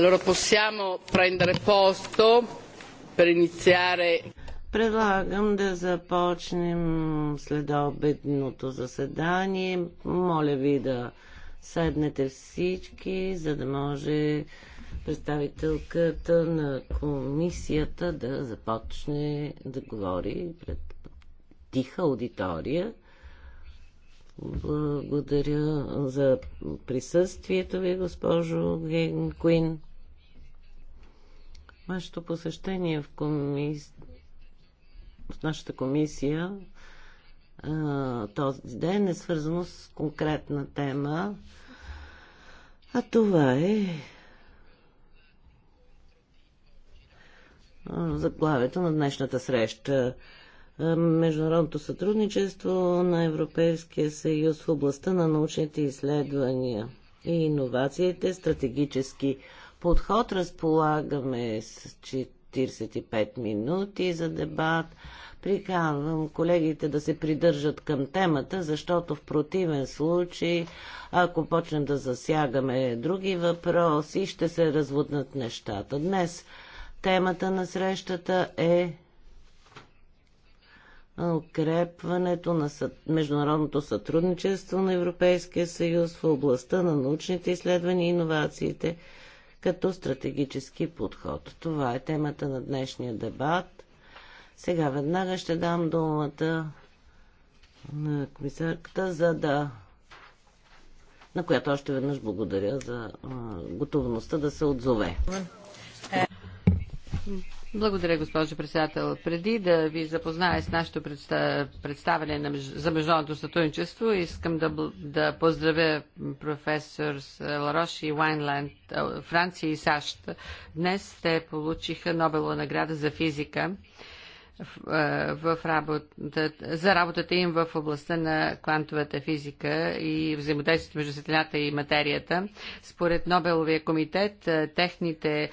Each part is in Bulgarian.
Allora possiamo prendere posto per iniziare. Предлагам да започнем следобедното заседание. Моля ви да седнете всички, за да може представителката на комисията да започне да говори пред тиха аудитория. Благодаря за присъствието ви, госпожо Генкуин. Куин. Вашето посещение в, коми... в нашата комисия този ден е свързано с конкретна тема, а това е заглавието на днешната среща. Международното сътрудничество на Европейския съюз в областта на научните изследвания и иновациите, стратегически подход. Разполагаме с 45 минути за дебат. Приканвам колегите да се придържат към темата, защото в противен случай, ако почнем да засягаме други въпроси, ще се разводнат нещата. Днес темата на срещата е укрепването на международното сътрудничество на Европейския съюз в областта на научните изследвания и иновациите – като стратегически подход. Това е темата на днешния дебат. Сега веднага ще дам думата на комисарката, за да на която още веднъж благодаря за готовността да се отзове. Благодаря, госпожо председател. Преди да ви запозная с нашето представяне за международното сътрудничество, искам да, да поздравя професор е, Ларош и Вайнланд, е, Франция и САЩ. Днес те получиха Нобелова награда за физика. Е, в работата, за работата им в областта на квантовата физика и взаимодействието между светлината и материята. Според Нобеловия комитет, е, техните е,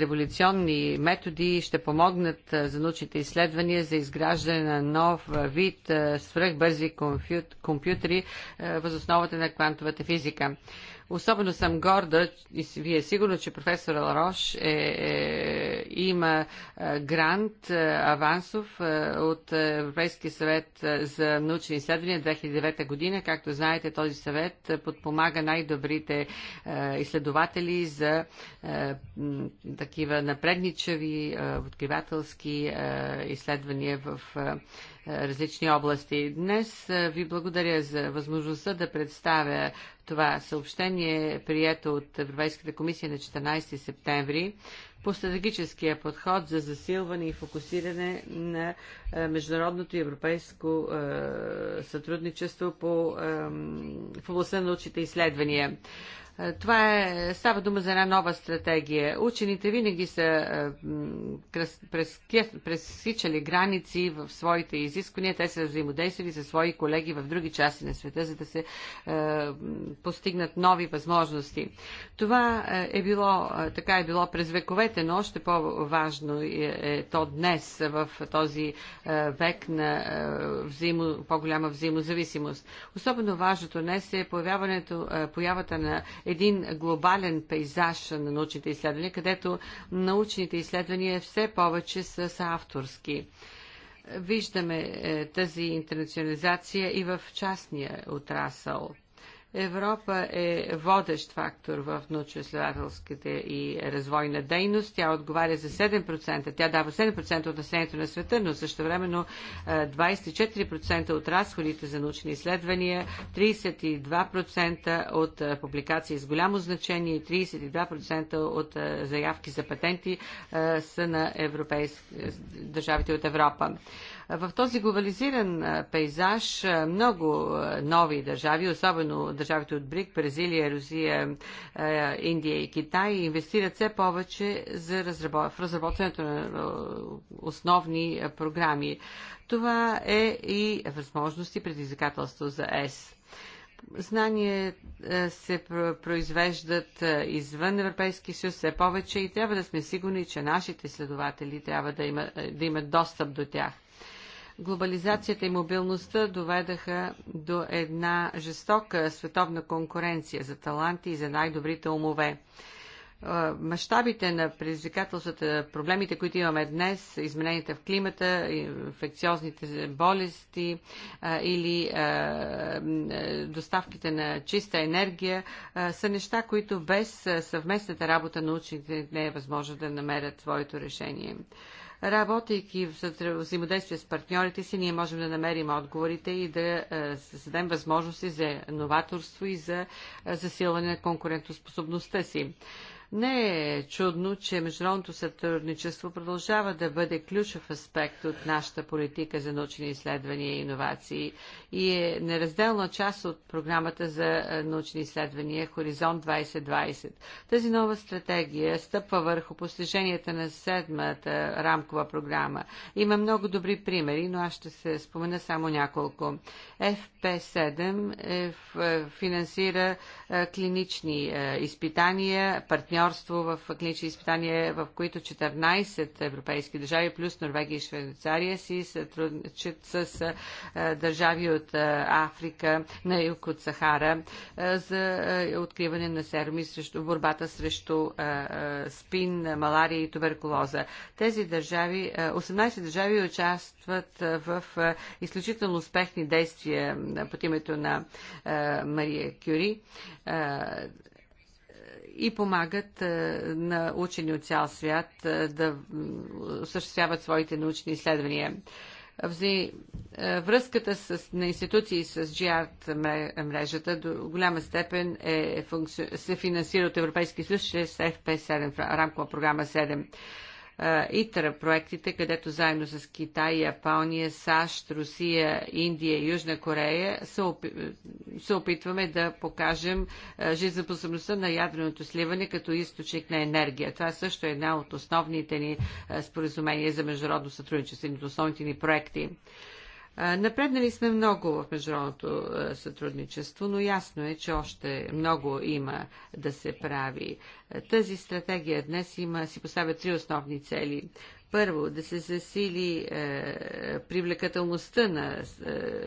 революционни методи ще помогнат за научните изследвания за изграждане на нов вид свръхбързи компютри възосновата на квантовата физика. Особено съм горда и вие сигурно, че професор Ларош е, е, има е, грант е, авансов е, от Европейския съвет е, за научни изследвания 2009 година. Както знаете, този съвет подпомага най-добрите е, изследователи за е, такива напредничави е, откривателски е, изследвания в е, различни области. Днес ви благодаря за възможността да представя това съобщение, прието от Европейската комисия на 14 септември по стратегическия подход за засилване и фокусиране на международното и европейско сътрудничество по, в областта на научните изследвания. Е, това е, става дума за една нова стратегия. Учените винаги са е, пресичали граници в своите изисквания. Те са взаимодействали със свои колеги в други части на света, за да се е, постигнат нови възможности. Това е, е било, така е било през вековете, но още по-важно е, то днес в този век на взаимо, по-голяма взаимозависимост. Особено важното днес е появяването, е, появата на един глобален пейзаж на научните изследвания, където научните изследвания все повече са, са авторски. Виждаме е, тази интернационализация и в частния отрасъл Европа е водещ фактор в научно-изследователската и развойна дейност. Тя отговаря за 7%. Тя дава 7% от населението на света, но също времено 24% от разходите за научни изследвания, 32% от е, публикации с голямо значение и 32% от е, заявки за патенти е, са на европейски, държавите от Европа. В този глобализиран пейзаж много нови държави, особено държавите от БРИК, Бразилия, Русия, Индия и Китай, инвестират все повече за разработ... в разработването на основни програми. Това е и възможности предизвикателство за ЕС. Знания се произвеждат извън Европейския съюз все повече и трябва да сме сигурни, че нашите следователи трябва да, има, да имат достъп до тях. Глобализацията и мобилността доведаха до една жестока световна конкуренция за таланти и за най-добрите умове. Е, мащабите на предизвикателствата, проблемите, които имаме днес, измененията в климата, инфекциозните болести е, или е, доставките на чиста енергия, са неща, които без съвместната работа на учените не е възможно да намерят своето решение. Работейки в взаимодействие с партньорите си, ние можем да намерим отговорите и да е, създадем възможности за новаторство и за е, засилване на конкурентоспособността си. Не е чудно, че международното сътрудничество продължава да бъде ключов аспект от нашата политика за научни изследвания и иновации и е неразделна част от програмата за е, научни изследвания Хоризонт 2020. Тази нова стратегия стъпва върху постиженията на седмата рамкова програма. Има много добри примери, но аз ще се спомена само няколко. FP7 е, е, финансира е, клинични изпитания, партньори партньорство в клинични изпитания, в които 14 европейски държави, плюс Норвегия и Швейцария, си сътрудничат с държави от Африка, на юг от Сахара, за откриване на серми срещу борбата срещу спин, малария и туберкулоза. Тези държави, 18 държави участват в изключително успехни действия под името на Мария Кюри и помагат на учени от цял свят да осъществяват своите научни изследвания. Взи, връзката с, на институции с GIART мрежата до голяма степен е, е, функци... се финансира от Европейския съюз чрез FP7, рамкова програма 7. ИТРА проектите, където заедно с Китай, Япония, САЩ, Русия, Индия и Южна Корея се, опи... се опитваме да покажем жизнеспособността на ядреното сливане като източник на енергия. Това също е една от основните ни споразумения за международно сътрудничество, от основните ни проекти. Напреднали сме много в международното сътрудничество, но ясно е, че още много има да се прави. Тази стратегия днес има, си поставя три основни цели. Първо, да се засили е, привлекателността на е,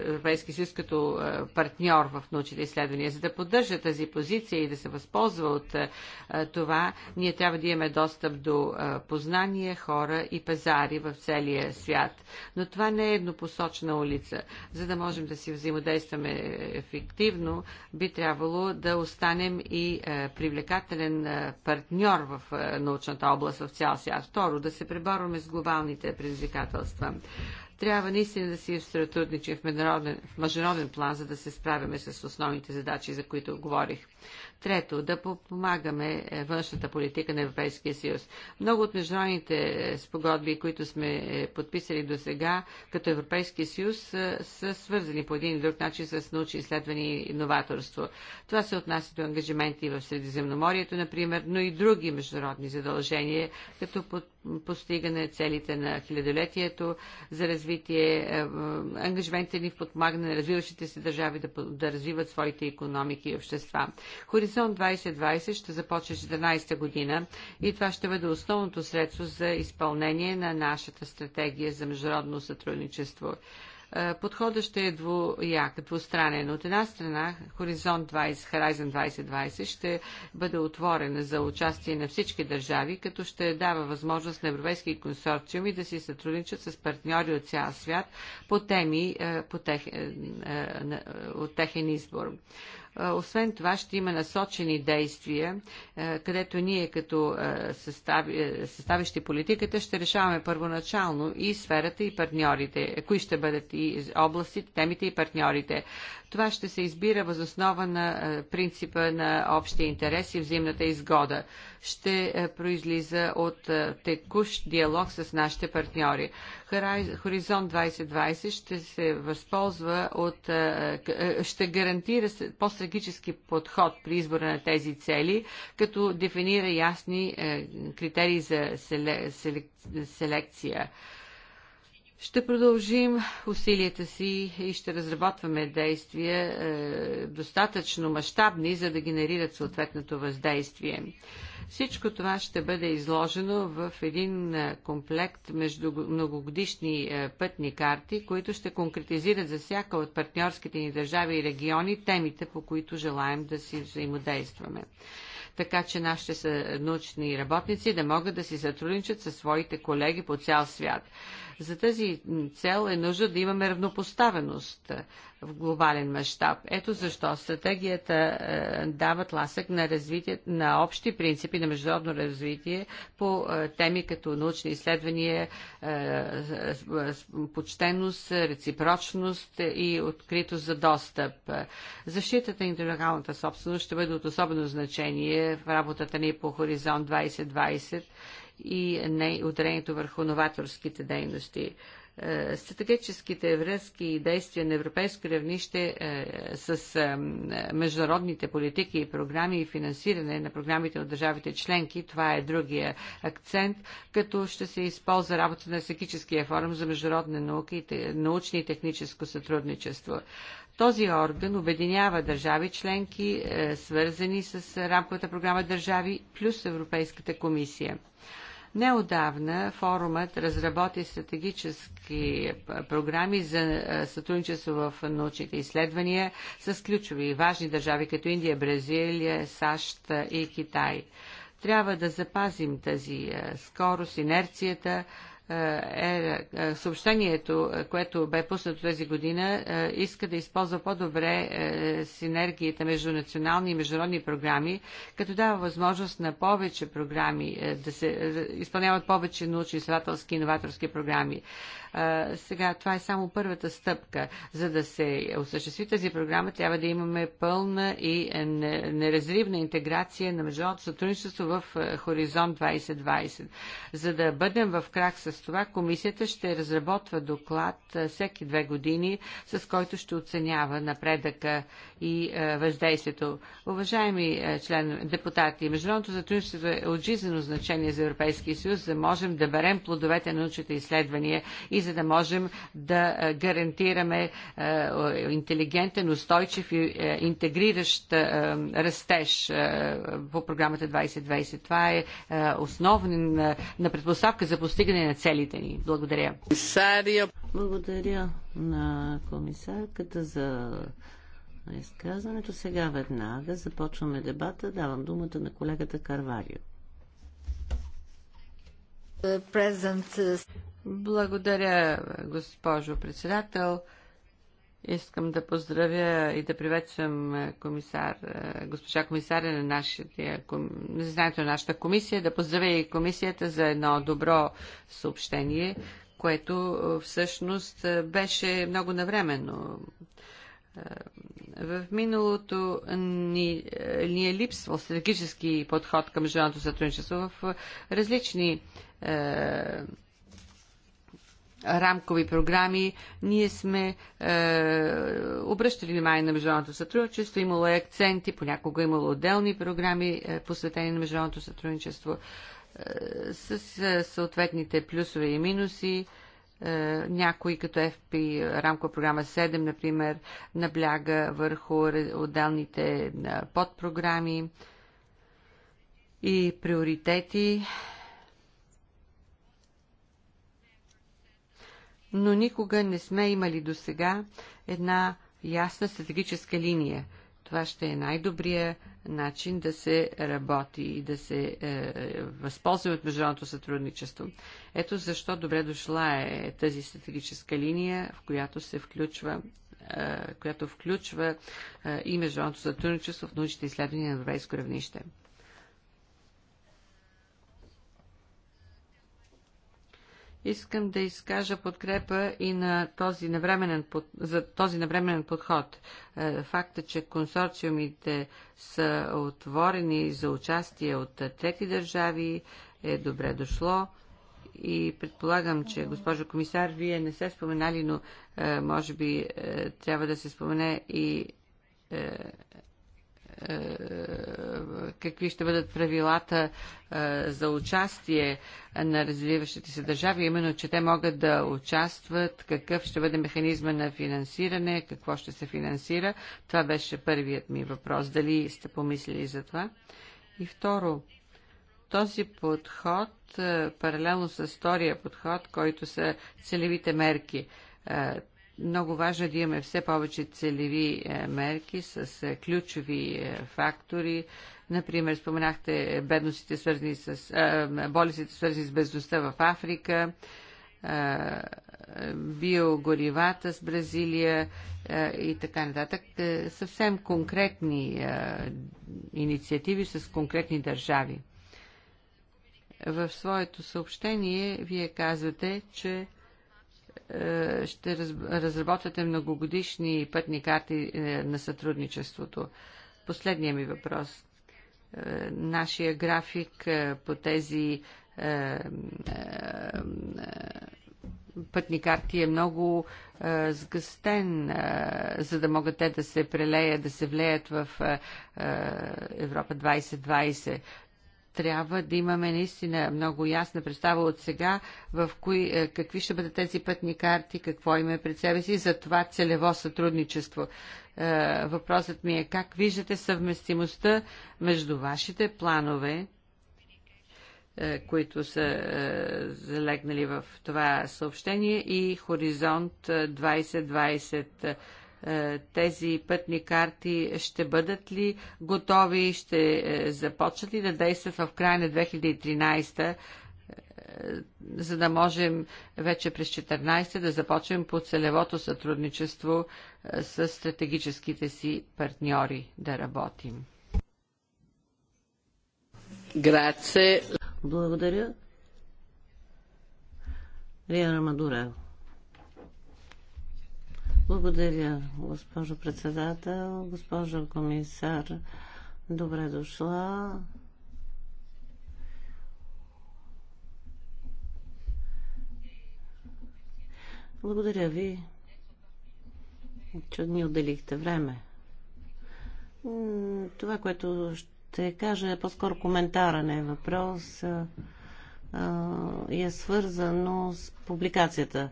Европейския съюз като е, партньор в научните изследвания. За да поддържа тази позиция и да се възползва от е, е, това, ние трябва да имаме достъп до е, познания, хора и пазари в целия свят. Но това не е еднопосочна улица. За да можем да си взаимодействаме ефективно, би трябвало да останем и е, привлекателен е, партньор в е, научната област в цял свят. Второ, да се преборваме справяме с глобалните предизвикателства. Трябва наистина да си сътрудничим в международен, в международен план, за да се справяме с основните задачи, за които говорих. Трето, да помагаме е, външната политика на Европейския съюз. Много от международните е, спогодби, които сме е, подписали до сега, като Европейския съюз, са, свързани по един или друг начин с научни изследвания и новаторство. Това се отнася до ангажименти в Средиземноморието, например, но и други международни задължения, като постигане целите на хилядолетието за развитие, ангажиментите ни в подпомагане на развиващите се държави да, да развиват своите економики и общества. Хоризонт 2020 ще започне 2014 година и това ще бъде основното средство за изпълнение на нашата стратегия за международно сътрудничество. Е, подходът ще е двояк, двустранен. От една страна, Хоризонт 20, Horizon 2020 ще бъде отворен за участие на всички държави, като ще дава възможност на европейски консорциуми да си сътрудничат с партньори от цял свят по теми е, по тех, е, от техен избор. Освен това ще има насочени действия, където ние като състави, съставящи политиката ще решаваме първоначално и сферата и партньорите, кои ще бъдат и областите, темите и партньорите. Това ще се избира възоснова на е, принципа на общия интерес и взаимната изгода. Ще е, произлиза от е, текущ диалог с нашите партньори. Хоризонт 2020 ще се възползва от, ще гарантира по-стратегически подход при избора на тези цели, като дефинира ясни критерии за селекция ще продължим усилията си и ще разработваме действия е, достатъчно мащабни, за да генерират съответното въздействие. Всичко това ще бъде изложено в един е, комплект между многогодишни е, пътни карти, които ще конкретизират за всяка от партньорските ни държави и региони темите, по които желаем да си взаимодействаме така че нашите са научни работници да могат да си сътрудничат със своите колеги по цял свят. За тази цел е нужда да имаме равнопоставеност в глобален мащаб. Ето защо стратегията е, дава тласък на, развитие, на общи принципи на международно развитие по е, теми като научни изследвания, е, почтеност, реципрочност и откритост за достъп. Защитата на интелектуалната собственост ще бъде от особено значение в работата ни по Хоризонт 2020 и ударението върху новаторските дейности е, стратегическите връзки и действия на европейско равнище е, с е, международните политики и програми и финансиране на програмите от държавите членки. Това е другия акцент, като ще се използва работа на секическия форум за международна наука и научно и техническо сътрудничество. Този орган обединява държави членки, свързани с рамковата програма държави, плюс Европейската комисия. Неодавна форумът разработи стратегически програми за сътрудничество в научните изследвания с ключови и важни държави като Индия, Бразилия, САЩ и Китай. Трябва да запазим тази скорост, инерцията, е, е, е, съобщението, което бе пуснато тази година, е, иска да използва по-добре е, синергията между национални и международни програми, като дава възможност на повече програми е, да се изпълняват повече научни изследователски и новаторски програми. Сега това е само първата стъпка. За да се осъществи тази програма, трябва да имаме пълна и неразривна интеграция на международното сътрудничество в Хоризонт 2020. За да бъдем в крак с това, комисията ще разработва доклад всеки две години, с който ще оценява напредъка и въздействието. Уважаеми член депутати, международното сътрудничество е от жизнено значение за Европейския съюз, за да можем да берем плодовете на научните изследвания и за да можем да гарантираме интелигентен, устойчив и интегриращ растеж по програмата 2020. Това е основна на предпоставка за постигане на целите ни. Благодаря. Благодаря на комисарката за изказването. Сега веднага започваме дебата. Давам думата на колегата Карварио. Благодаря, госпожо председател. Искам да поздравя и да приветствам е, комисар, е, госпожа комисаря на нашите, знаете, на нашата комисия, да поздравя и комисията за едно добро съобщение, което е, всъщност беше много навременно. В миналото ни, ни е липсвал стратегически подход към международното сътрудничество в различни е, рамкови програми, ние сме е, обръщали внимание на международното сътрудничество, имало е акценти, понякога имало отделни програми, е, посветени на международното сътрудничество, е, с е, съответните плюсове и минуси. Е, някои, като FP, рамкова програма 7, например, набляга върху отделните е, подпрограми и приоритети. но никога не сме имали до сега една ясна стратегическа линия. Това ще е най-добрия начин да се работи и да се е, възползва от международното сътрудничество. Ето защо добре дошла е тази стратегическа линия, в която се включва е, която включва е, и международното сътрудничество в научните изследвания на европейско равнище. Искам да изкажа подкрепа и на този навременен, за този навременен подход. Е, факта, че консорциумите са отворени за участие от е, трети държави е добре дошло и предполагам, че, госпожо комисар, вие не се споменали, но е, може би трябва да се спомене и е, какви ще бъдат правилата е, за участие на развиващите се държави, именно, че те могат да участват, какъв ще бъде механизма на финансиране, какво ще се финансира. Това беше първият ми въпрос. Дали сте помислили за това? И второ, този подход, е, паралелно с втория подход, който са целевите мерки, много важно е да имаме все повече целеви е, мерки с е, ключови е, фактори. Например, споменахте бедностите, свързани с, болестите, свързани с бездостта в Африка, биогоривата с Бразилия и така нататък. Съвсем конкретни инициативи с конкретни държави. В своето съобщение вие казвате, че е, ще разработвате многогодишни пътни карти е, на сътрудничеството. Последния ми въпрос. Е, нашия график по тези пътни карти е много сгъстен, за да могат те да се прелеят, да се влеят в Европа 2020 трябва да имаме наистина много ясна представа от сега в кои, е, какви ще бъдат тези пътни карти, какво имаме пред себе си за това целево сътрудничество. Е, въпросът ми е как виждате съвместимостта между вашите планове, е, които са залегнали в това съобщение и Хоризонт 2020 е, тези пътни карти ще бъдат ли готови, ще е, започнат ли да действат в края на 2013 е, за да можем вече през 14 да започнем по целевото сътрудничество с стратегическите си партньори да работим. Благодаря. Риана Мадураева. Благодаря, госпожо председател, госпожо комисар. Добре дошла. Благодаря ви, че ни отделихте време. Това, което ще кажа е по-скоро коментара, не е въпрос. И е свързано с публикацията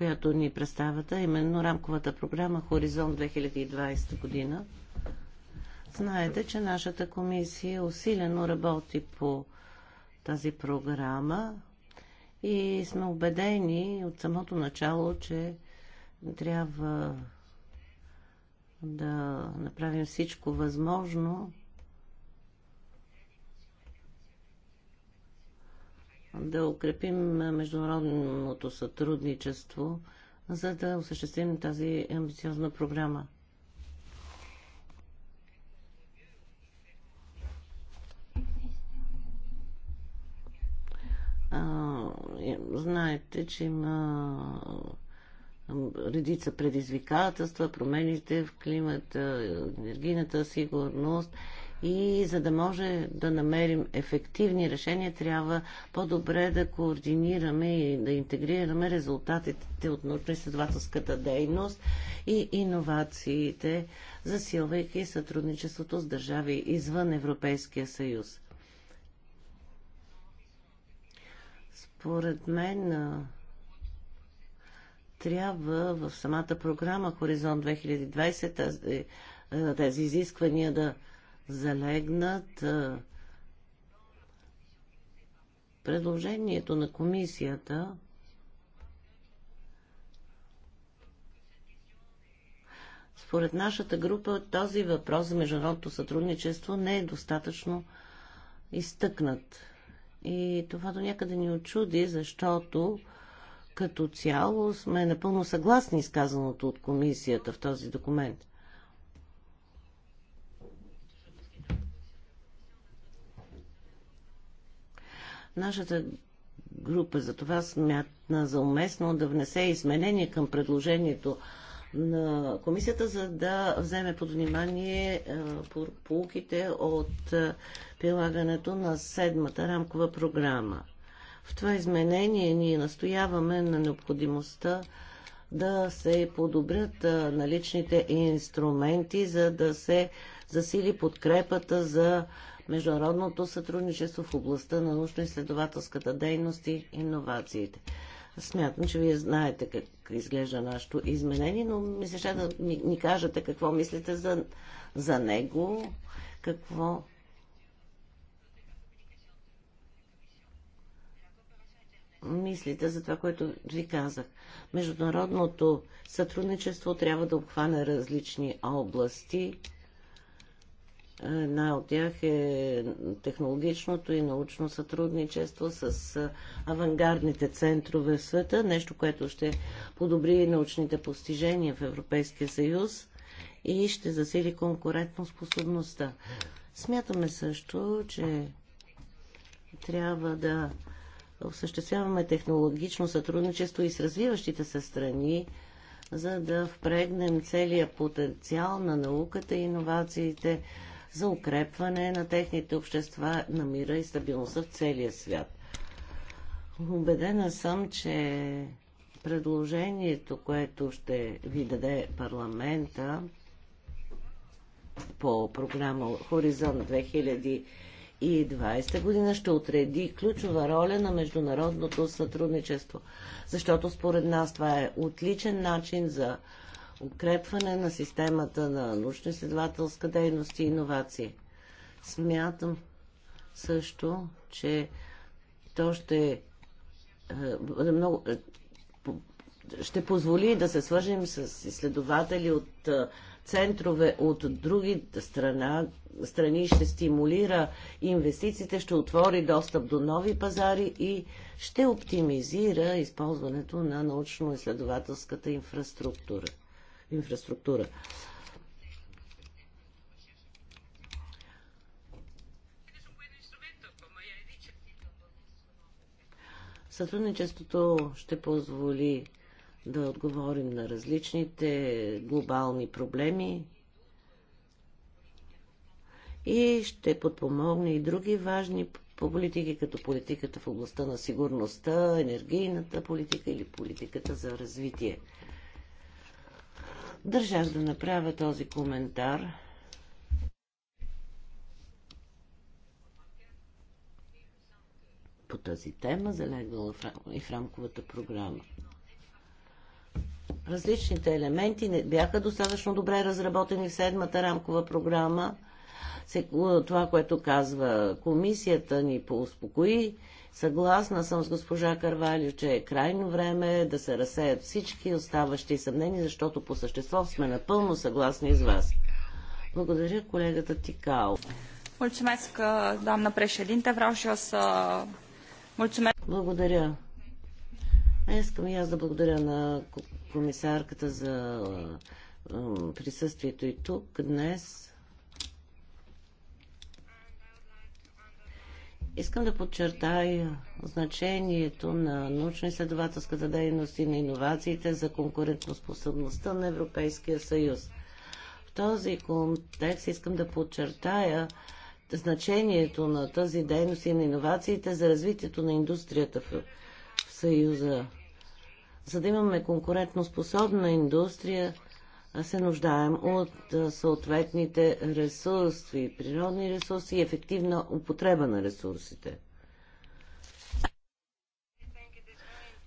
която ни представата, именно рамковата програма Хоризонт 2020 година. Знаете, че нашата комисия усилено работи по тази програма и сме убедени от самото начало, че трябва да направим всичко възможно да укрепим международното сътрудничество, за да осъществим тази амбициозна програма. знаете, че има редица предизвикателства, промените в климата, енергийната сигурност и за да може да намерим ефективни решения, трябва по-добре да координираме и да интегрираме резултатите от научно-изследователската дейност и иновациите, засилвайки сътрудничеството с държави извън Европейския съюз. Според мен трябва в самата програма Хоризонт 2020 е, тези изисквания да залегнат предложението на комисията Според нашата група този въпрос за международното сътрудничество не е достатъчно изтъкнат. И това до някъде ни очуди, защото като цяло сме напълно съгласни с казаното от комисията в този документ. Нашата група за това смятна за уместно да внесе изменение към предложението на комисията, за да вземе под внимание е, полуките от е, прилагането на седмата рамкова програма. В това изменение ние настояваме на необходимостта да се подобрят е, наличните инструменти, за да се засили подкрепата за международното сътрудничество в областта на научно-изследователската дейност и иновациите. Смятам, че вие знаете как изглежда нашето изменение, но ми се ще да ни, ни кажете какво мислите за, за него, какво мислите за това, което ви казах. Международното сътрудничество трябва да обхване различни области. Една от тях е технологичното и научно сътрудничество с авангардните центрове в света, нещо, което ще подобри научните постижения в Европейския съюз и ще засили способността. Смятаме също, че трябва да осъществяваме технологично сътрудничество и с развиващите се страни, за да впрегнем целия потенциал на науката и иновациите за укрепване на техните общества на мира и стабилността в целия свят. Убедена съм, че предложението, което ще ви даде парламента по програма Хоризонт 2020 година, ще отреди ключова роля на международното сътрудничество, защото според нас това е отличен начин за укрепване на системата на научно-изследователска дейност и иновации. Смятам също, че то ще е, бъде много. Е, ще позволи да се свържим с изследователи от е, центрове от други страна, страни, ще стимулира инвестициите, ще отвори достъп до нови пазари и ще оптимизира използването на научно-изследователската инфраструктура инфраструктура. Сътрудничеството ще позволи да отговорим на различните глобални проблеми и ще подпомогне и други важни политики, като политиката в областта на сигурността, енергийната политика или политиката за развитие. Държах да направя този коментар. по тази тема, залегнала и в рамковата програма. Различните елементи не бяха достатъчно добре разработени в седмата рамкова програма. Това, което казва комисията, ни поуспокои. Съгласна съм с госпожа Карвалю, че е крайно време да се разсеят всички оставащи съмнения, защото по същество сме напълно съгласни с вас. Благодаря колегата Тикао. Mulțumesc, doamnă Vreau și să mulțumesc. Благодаря. Искам и аз да благодаря на комисарката за присъствието и тук днес. Искам да подчертая значението на научно-изследователската дейност и на иновациите за конкурентоспособността на Европейския съюз. В този контекст искам да подчертая значението на тази дейност и на иновациите за развитието на индустрията в, в Съюза. За да имаме конкурентоспособна индустрия, се нуждаем от съответните ресурси, природни ресурси и ефективна употреба на ресурсите.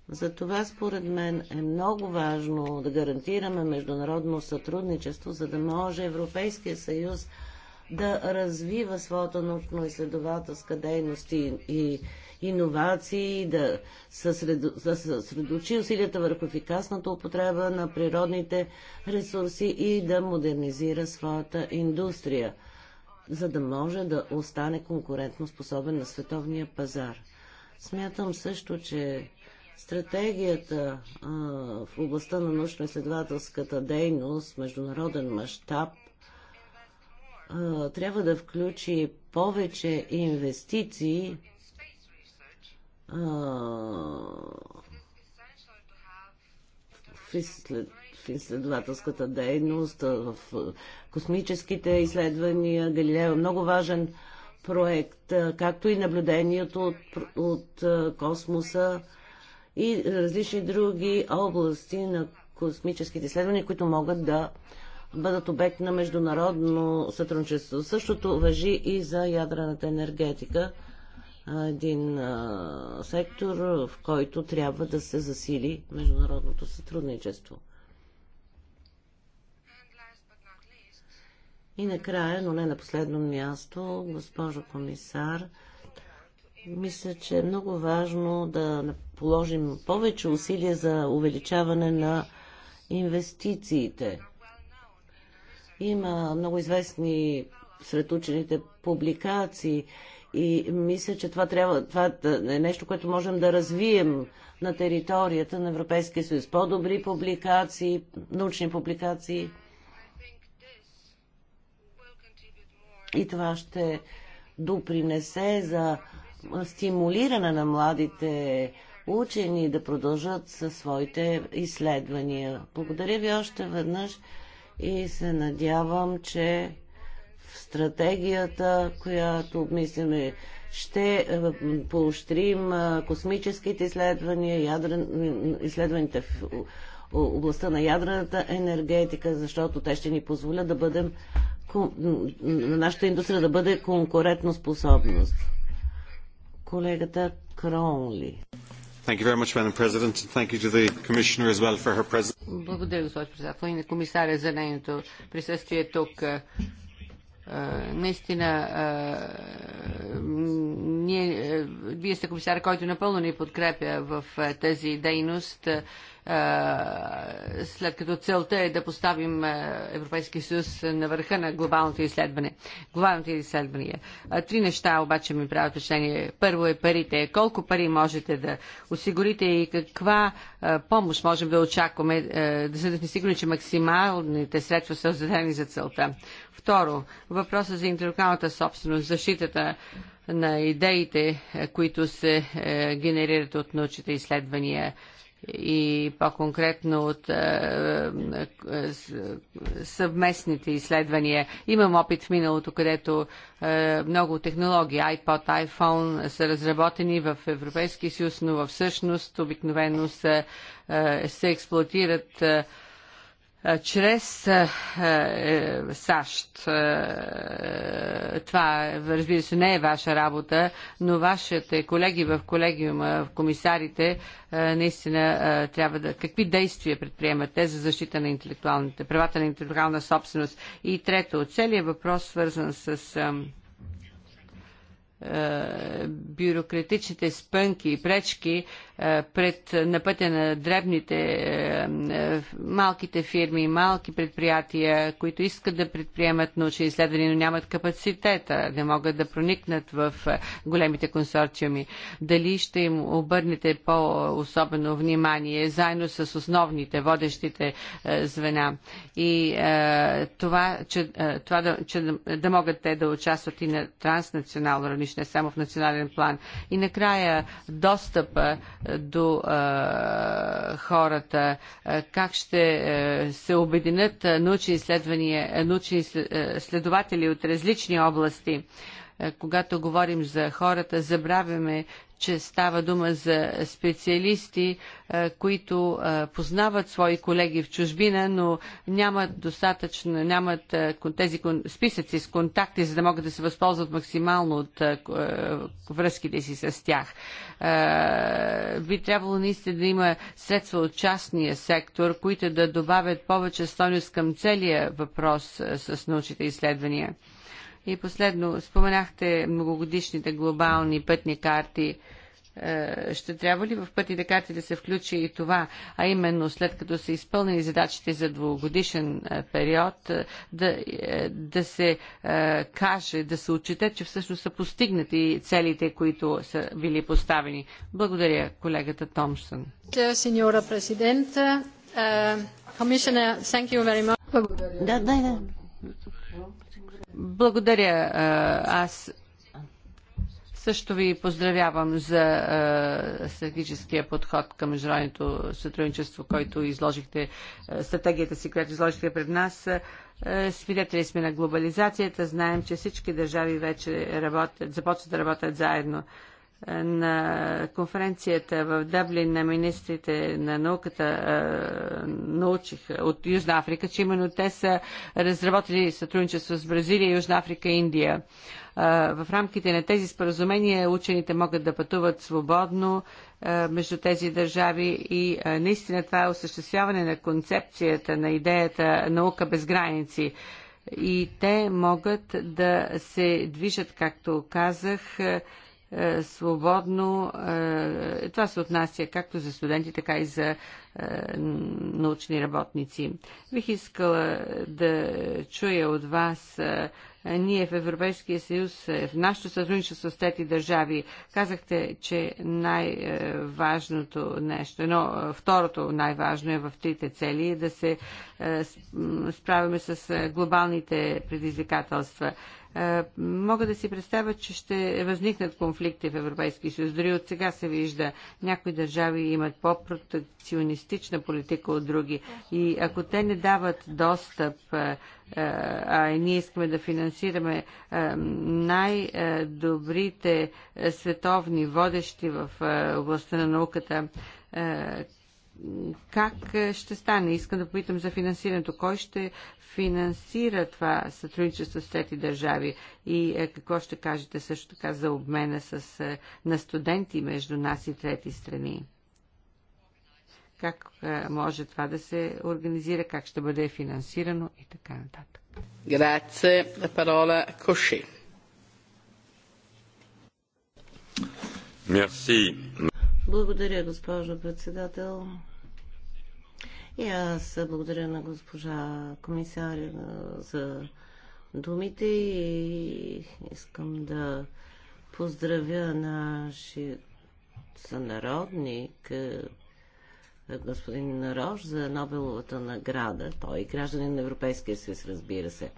Затова според мен е много важно да гарантираме международно сътрудничество, за да може Европейския съюз да развива своята научно-изследователска дейност и, и иновации, да съсредочи усилията върху ефикасната употреба на природните ресурси и да модернизира своята индустрия, за да може да остане конкурентно способен на световния пазар. Смятам също, че стратегията а, в областта на научно-изследователската дейност, международен мащаб, трябва да включи повече инвестиции в, изследователската дейност, в космическите изследвания. Галилео е много важен проект, както и наблюдението от, от космоса и различни други области на космическите изследвания, които могат да бъдат обект на международно сътрудничество. Същото въжи и за ядрената енергетика един а, сектор, в който трябва да се засили международното сътрудничество. И накрая, но не на последно място, госпожо комисар, мисля, че е много важно да положим повече усилия за увеличаване на инвестициите. Има много известни сред учените публикации, и мисля, че това, трябва, това е нещо, което можем да развием на територията на Европейския съюз. По-добри публикации, научни публикации. И това ще допринесе за стимулиране на младите учени да продължат със своите изследвания. Благодаря ви още веднъж и се надявам, че стратегията, която мислиме, Ще е, поощрим е, космическите изследвания, ядрен, изследваните в областта на ядрената енергетика, защото те ще ни позволят да бъдем на нашата индустрия да бъде конкурентно способност. Колегата Кронли. Well Благодаря, господин председател, и на комисаря за нейното присъствие тук наистина ние, вие сте комисар, който напълно ни подкрепя в тази дейност след като целта е да поставим Европейския съюз на върха на глобалното изследване. Глобалното изследване. Три неща обаче ми правят впечатление. Първо е парите. Колко пари можете да осигурите и каква помощ можем да очакваме, да се сме сигурни, че максималните средства са зададени за целта. Второ, въпроса за интелектуалната собственост, защитата на идеите, които се генерират от научните изследвания и по-конкретно от е, е, съвместните изследвания. Имам опит в миналото, където е, много технологии, iPod, iPhone са разработени в Европейския съюз, но всъщност обикновено се, се експлуатират чрез е, САЩ. това, разбира се, не е ваша работа, но вашите колеги в колегиума, в комисарите, наистина трябва да... Какви действия предприемат те за защита на интелектуалните, правата на интелектуална собственост? И трето, целият въпрос, свързан с бюрократичните спънки и пречки е, пред, на пътя на дребните, е, е, малките фирми, малки предприятия, които искат да предприемат научни изследвания, но нямат капацитета, не могат да проникнат в големите консорциуми. Дали ще им обърнете по-особено внимание, заедно с основните, водещите звена и това, че, това да, че да могат те да участват и на транснационално равнище, не само в национален план. И накрая достъпа до а, хората, как ще се обединят научни, научни следователи от различни области. Когато говорим за хората, забравяме, че става дума за специалисти, е, които е, познават свои колеги в чужбина, но нямат достатъчно, нямат е, тези списъци с контакти, за да могат да се възползват максимално от връзките си с тях. Би трябвало наистина да има средства от частния сектор, които да добавят повече стойност към целия въпрос с научните изследвания. И последно, споменахте многогодишните глобални пътни карти. Е, ще трябва ли в пътните карти да се включи и това, а именно след като са изпълнени задачите за двугодишен е, период, е, да, да се каже, да се отчете, че всъщност са постигнати целите, които са били поставени? Благодаря, колегата Томсън. Сеньора президент, Благодаря. Да, да, да. Благодаря. Аз също ви поздравявам за стратегическия подход към международното сътрудничество, който изложихте, стратегията си, която изложихте пред нас. свидетели сме на глобализацията. Знаем, че всички държави вече работят, започват да работят заедно. Е, на конференцията в Дъблин на министрите на науката е, научих от Южна Африка, че именно те са разработили сътрудничество с Бразилия, Южна Африка и Индия. Е, в рамките на тези споразумения учените могат да пътуват свободно е, между тези държави и наистина това е осъществяване на концепцията, на идеята наука без граници и те могат да се движат, както казах, е, свободно. Е, това се отнася както за студенти, така и за е, научни работници. Бих искала да чуя от вас. Е, ние в Европейския съюз, е, в нашото сътрудничество с тези държави, казахте, че най-важното нещо, но второто най-важно е в трите цели е да се е, справяме с е, глобалните предизвикателства. Е, мога да си представя, че ще възникнат конфликти в Европейския съюз. Дори от сега се вижда, някои държави имат по-протекционистична политика от други. И ако те не дават достъп, е, е, а ние искаме да финансираме най-добрите световни водещи в областта на науката, как е, ще стане? Искам да попитам за финансирането. Кой ще финансира това сътрудничество с трети държави? И е, какво ще кажете също така за обмена с, е, на студенти между нас и трети страни? Как може това да се организира? Как ще бъде финансирано? И така нататък. Грация. Парола Коши. Мерси. Благодаря, госпожо председател. И аз благодаря на госпожа комисаря за думите и искам да поздравя нашия сънародник, господин Нарож за Нобеловата награда. Той е гражданин на Европейския съюз, разбира се.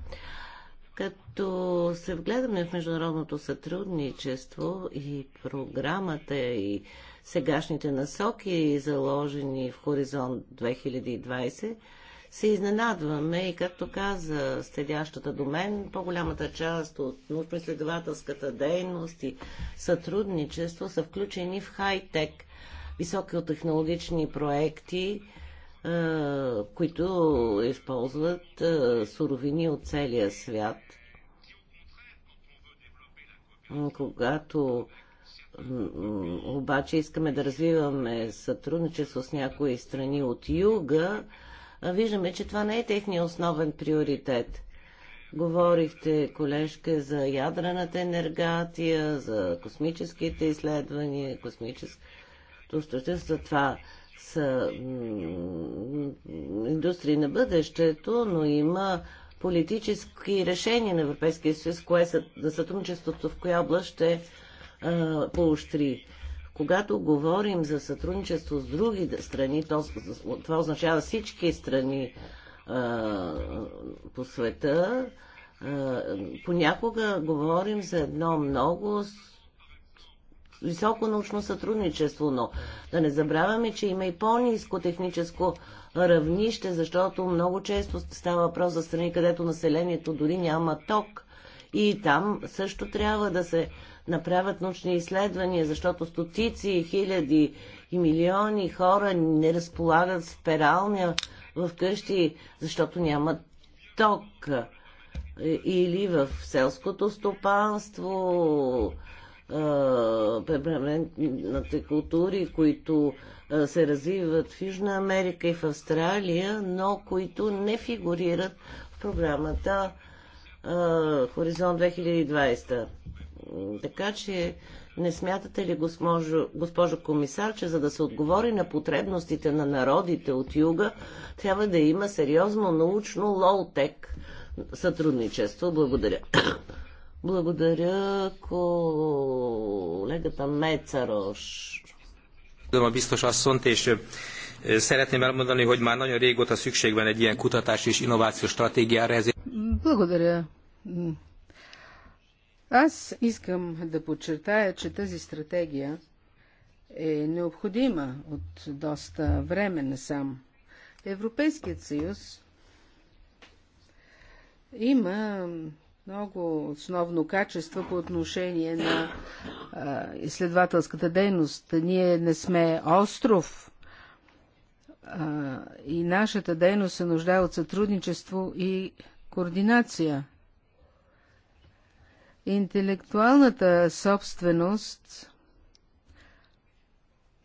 Като се вгледаме в международното сътрудничество и програмата и сегашните насоки, заложени в Хоризонт 2020, се изненадваме и, както каза следящата до мен, по-голямата част от научно-изследователската дейност и сътрудничество са включени в хай-тек, високотехнологични проекти, които използват суровини от целия свят. Когато обаче искаме да развиваме сътрудничество с някои страни от юга, виждаме, че това не е техния основен приоритет. Говорихте, колежка, за ядрената енергатия, за космическите изследвания, космическото строителство. Това са индустрии на бъдещето, но има политически решения на Европейския съюз, кое са, за сътрудничеството в коя област ще а, поощри. Когато говорим за сътрудничество с други страни, то, това означава всички страни а, по света. А, понякога говорим за едно много високо научно сътрудничество, но да не забравяме, че има и по-низко техническо равнище, защото много често става въпрос за страни, където населението дори няма ток. И там също трябва да се направят научни изследвания, защото стотици, хиляди и милиони хора не разполагат с пералня в къщи, защото няма ток или в селското стопанство, перманентните култури, които се развиват в Южна Америка и в Австралия, но които не фигурират в програмата Хоризонт 2020. Така че не смятате ли, госпожо, госпожо комисар, че за да се отговори на потребностите на народите от юга, трябва да има сериозно научно лоутек сътрудничество? Благодаря. Благодаря колегата Мецарош. Tudom biztos asszonyt, és szeretném elmondani, hogy már nagyon régóta szükség van egy ilyen kutatás és innovációs stratégiára. Ezért... Благодаря. Аз искам да подчертая, че тази стратегия е необходима от доста време насам. Европейският съюз има много основно качество по отношение на а, изследователската дейност. Ние не сме остров а, и нашата дейност се нуждае от сътрудничество и координация. Интелектуалната собственост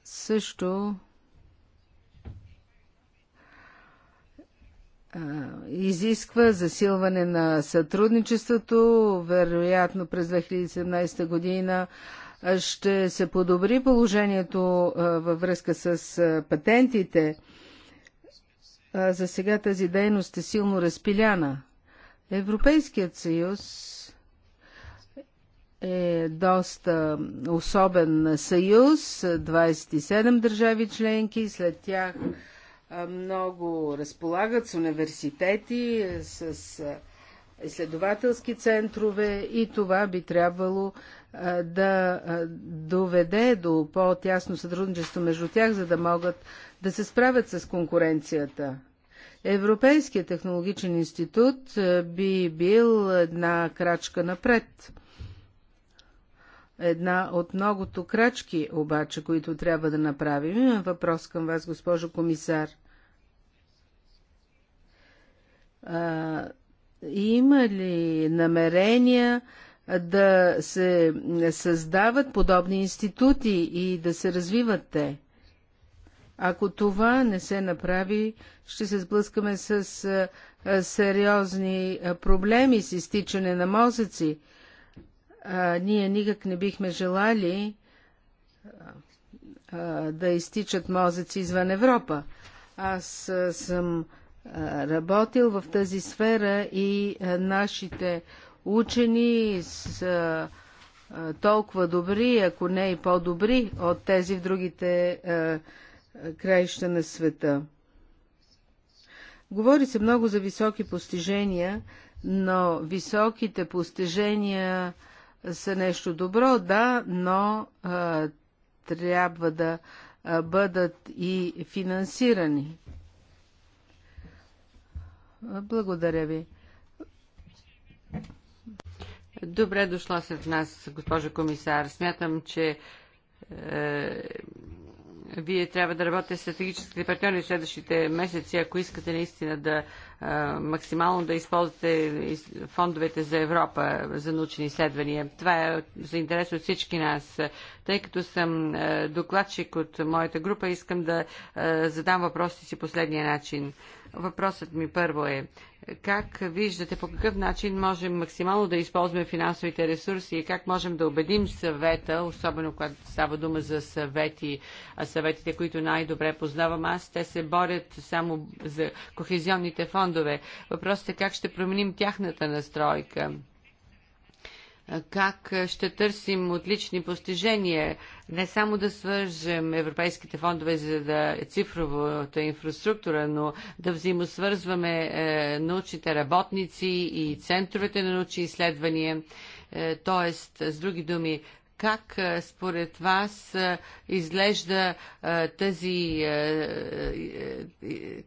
също изисква засилване на сътрудничеството. Вероятно през 2017 година ще се подобри положението във връзка с патентите. За сега тази дейност е силно разпиляна. Европейският съюз е доста особен съюз, 27 държави членки, след тях много разполагат с университети, с изследователски центрове и това би трябвало да доведе до по-тясно сътрудничество между тях, за да могат да се справят с конкуренцията. Европейският технологичен институт би бил една крачка напред една от многото крачки, обаче, които трябва да направим. Имам въпрос към вас, госпожо комисар. А, има ли намерения да се създават подобни институти и да се развиват те? Ако това не се направи, ще се сблъскаме с сериозни проблеми с изтичане на мозъци ние никак не бихме желали да изтичат мозъци извън Европа. Аз съм работил в тази сфера и нашите учени са толкова добри, ако не и по-добри от тези в другите краища на света. Говори се много за високи постижения, но високите постижения са нещо добро, да, но а, трябва да а, бъдат и финансирани. Благодаря ви. Добре дошла сред нас, госпожа комисар. Смятам, че е, вие трябва да работите с стратегическите партньори в следващите месеци, ако искате наистина да а, максимално да използвате фондовете за Европа за научни изследвания. Това е за интерес от всички нас. Тъй като съм докладчик от моята група, искам да а, задам въпросите си последния начин. Въпросът ми първо е, как виждате, по какъв начин можем максимално да използваме финансовите ресурси и как можем да убедим съвета, особено когато става дума за съвети, а съветите, които най-добре познавам аз, те се борят само за кохезионните фондове. Въпросът е как ще променим тяхната настройка как ще търсим отлични постижения, не само да свържем европейските фондове за да е цифровата инфраструктура, но да взаимосвързваме е, научните работници и центровете на научни изследвания. Е, тоест, с други думи, как според вас изглежда тази,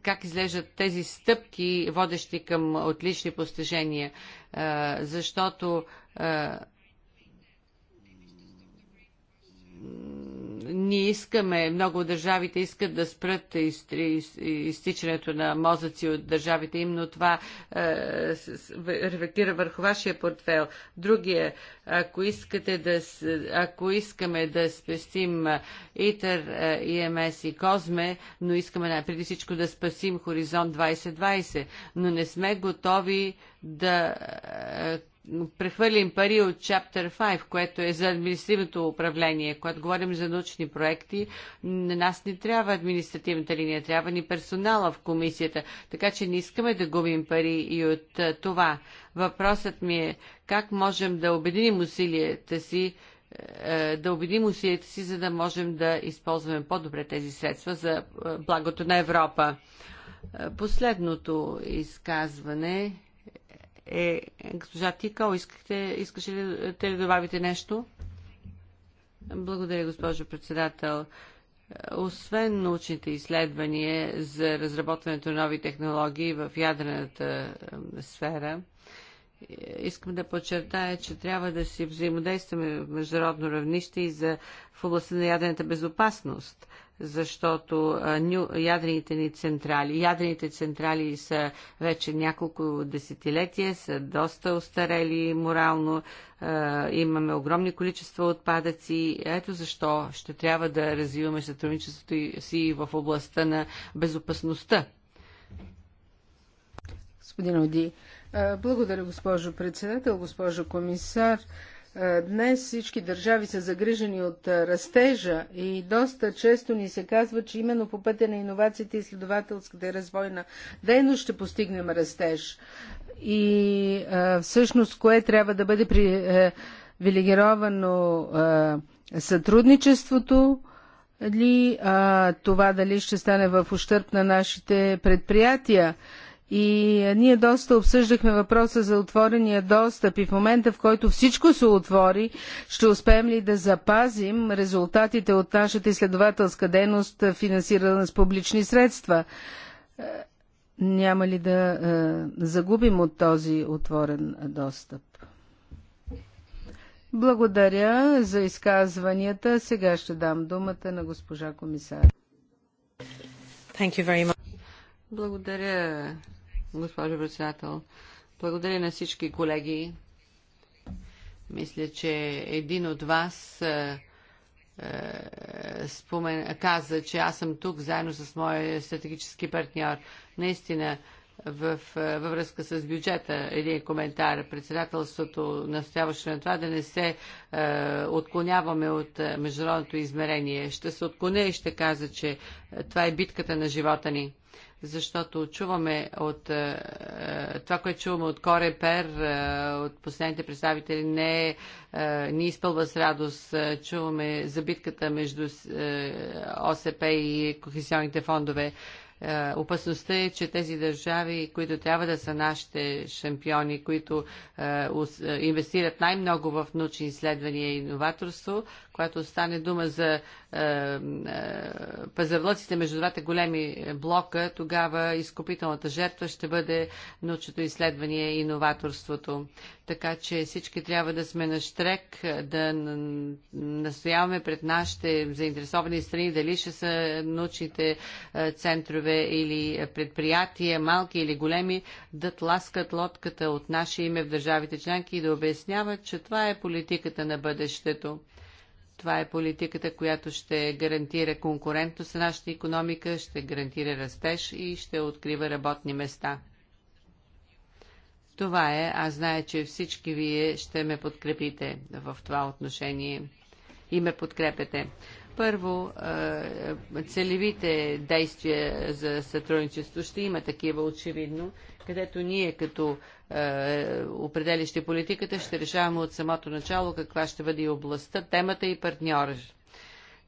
как изглеждат тези стъпки, водещи към отлични постижения? Защото ние искаме, много държавите искат да спрат изтичането на мозъци от държавите им, но това е, рефлектира върху вашия портфел. Другия, ако, искате да, ако искаме да спестим ИТЕР, ИМС и Козме, но искаме преди всичко да спасим Хоризонт 2020, но не сме готови да прехвърлим пари от Chapter 5, което е за административното управление. Когато говорим за научни проекти, на нас не трябва административната линия, трябва ни персонала в комисията, така че не искаме да губим пари и от това. Въпросът ми е как можем да обединим усилията си, да обединим усилията си, за да можем да използваме по-добре тези средства за благото на Европа. Последното изказване е госпожа Тикал. Искахте, искаше ли те да добавите нещо? Благодаря, госпожо председател. Освен научните изследвания за разработването на нови технологии в ядрената сфера, искам да подчертая, че трябва да си взаимодействаме в международно равнище и за, в областта на ядрената безопасност, защото ядрените ни централи, ядрените централи са вече няколко десетилетия, са доста устарели морално, имаме огромни количества отпадъци. Ето защо ще трябва да развиваме сътрудничеството си в областта на безопасността. Господин Оди, е, благодаря, госпожо председател, госпожо комисар. Е, днес всички държави са загрижени от е, растежа и доста често ни се казва, че именно по пътя на иновациите и следователската и развойна дейност ще постигнем растеж. И всъщност кое трябва да бъде привилегировано сътрудничеството ли, това дали ще стане в ущърп на нашите предприятия и е, ние доста обсъждахме въпроса за отворения достъп и в момента, в който всичко се отвори, ще успеем ли да запазим резултатите от нашата изследователска дейност, е, финансирана с публични средства. Е, няма ли да загубим от този отворен достъп? Благодаря за изказванията. Сега ще дам думата на госпожа комисар. Благодаря, госпожо председател. Благодаря на всички колеги. Мисля, че един от вас е, е, спомен, каза, че аз съм тук заедно с моя стратегически партньор. Наистина, в, е, във връзка с бюджета един коментар. Председателството настояваше на това да не се е, отклоняваме от е, международното измерение. Ще се отклоня и ще каза, че е, това е битката на живота ни защото чуваме от е, е, това, което чуваме от Корепер, е, от последните представители, не ни изпълва с радост. Чуваме за битката между ОСП и кохесионните фондове. Опасността е, че тези държави, които трябва да са нашите шампиони, които инвестират най-много в научни изследвания и иноваторство, когато стане дума за е, е, пазарлъците между двата големи блока, тогава изкупителната жертва ще бъде научното изследване и иноваторството. Така че всички трябва да сме на штрек, да настояваме пред нашите заинтересовани страни, дали ще са научните е, центрове или предприятия, малки или големи, да тласкат лодката от наше име в държавите членки и да обясняват, че това е политиката на бъдещето това е политиката, която ще гарантира конкурентност на нашата економика, ще гарантира растеж и ще открива работни места. Това е, аз зная, че всички вие ще ме подкрепите в това отношение и ме подкрепете. Първо, е, е, целевите действия за сътрудничество ще има такива, очевидно където ние като е, определящи политиката ще решаваме от самото начало каква ще бъде и областта, темата и партньора.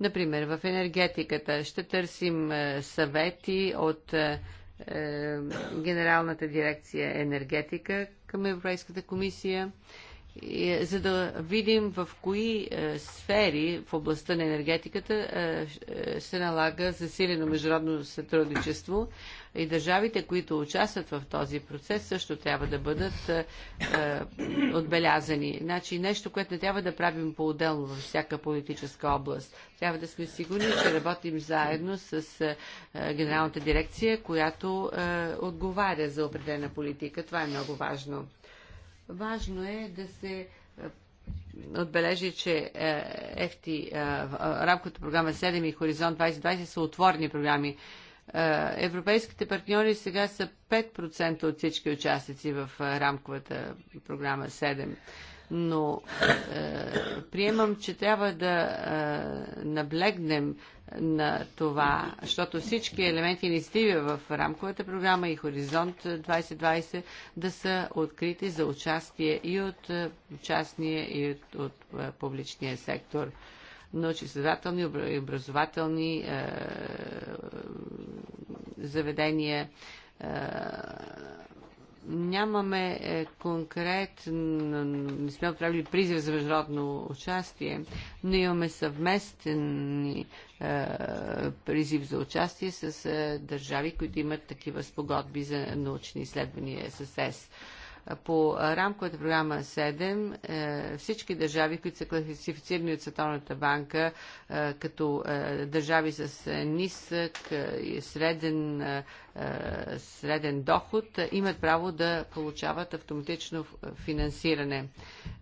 Например, в енергетиката ще търсим е, съвети от е, е Генералната дирекция енергетика към Европейската комисия. Е, е, за да видим в кои е, сфери в областта на енергетиката е, се налага засилено международно сътрудничество и държавите, които участват в този процес, също трябва да бъдат отбелязани. Значи нещо, което не трябва да правим по-отделно във всяка политическа област. Трябва да сме сигурни, че работим заедно с Генералната дирекция, която отговаря за определена политика. Това е много важно. Важно е да се е, отбележи, че ЕФТИ, е, е, рамката програма 7 и Хоризонт 2020 са отворени програми. Европейските партньори сега са 5% от всички участници в рамковата програма 7 но е, приемам, че трябва да е, наблегнем на това, защото всички елементи и инициативи в рамковата програма и Хоризонт 2020 да са открити за участие и от е, частния, и от, от е, публичния сектор. Научно-изследователни, образователни е, заведения, е, нямаме е, конкретно, не сме отправили призив за международно участие, но имаме съвместен е, призив за участие с е, държави, които имат такива спогодби за научни изследвания с ЕС. По рамковата програма 7 е, всички държави, които са класифицирани от Световната банка е, като е, държави с нисък и среден е, среден доход, имат право да получават автоматично финансиране.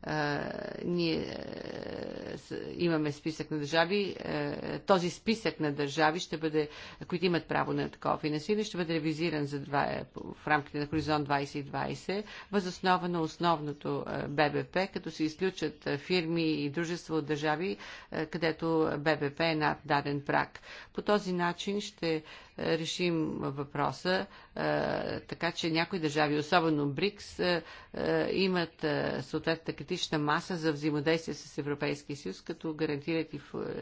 Е, ние е, имаме списък на държави. Този списък на държави, ще бъде, които имат право на такова финансиране, ще бъде ревизиран за два, в рамките на Хоризонт 2020, възоснова на основното ББП, като се изключат фирми и дружества от държави, където ББП е над даден прак. По този начин ще решим въпроса е, така че някои държави, особено БРИКС, е, е, имат съответната критична маса за взаимодействие с Европейския съюз, като гарантират и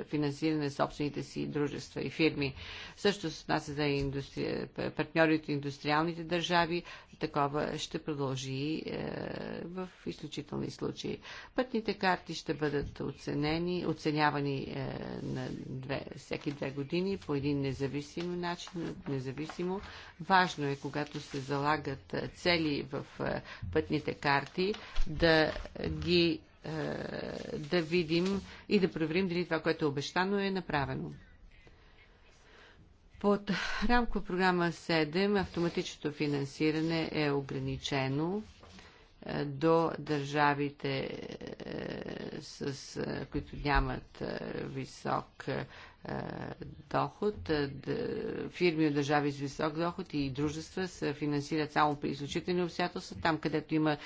финансиране на собствените си дружества и фирми. Също с отнася за индустри... партньорите индустриалните държави. Такова ще продължи в изключителни случаи. Пътните карти ще бъдат оценени, оценявани на две, всеки две години по един независим начин, независимо. Важно важно е, когато се залагат цели в пътните карти, да ги да видим и да проверим дали това, което е обещано, е направено. Под рамко програма 7 автоматичното финансиране е ограничено до държавите, с, които нямат висок доход. Фирми от държави с висок доход и дружества се финансират само при изключителни обстоятелства, там където има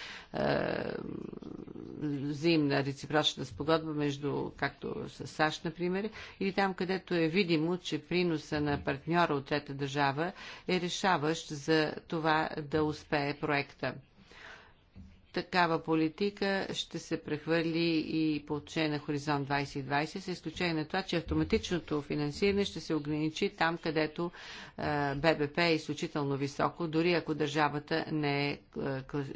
взаимна реципрочна спогодба между, както с САЩ, например, или там, където е видимо, че приноса на партньора от трета държава е решаващ за това да успее проекта такава политика ще се прехвърли и по отношение на Хоризонт 2020, с изключение на това, че автоматичното финансиране ще се ограничи там, където е, ББП е изключително високо, дори ако държавата не е, е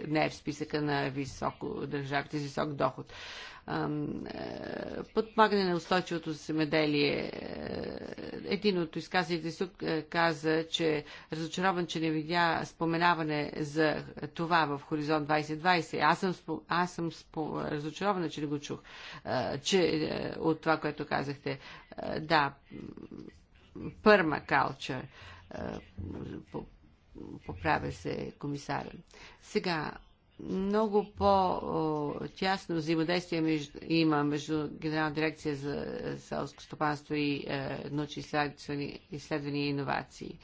не е в списъка на високо, държавите с висок доход. Е, подпомагане на устойчивото земеделие. Е, един от изказите тук е, каза, че разочарован, че не видя споменаване за това в Хоризонт 2020. Аз съм, аз съм спо... разочарована, че не го чух, че от това, което казахте. Да, пърмакалча поправя се комисарът. Сега, много по-тясно взаимодействие между, има между Генерална дирекция за селско стопанство и е, научни изследвания и иновации.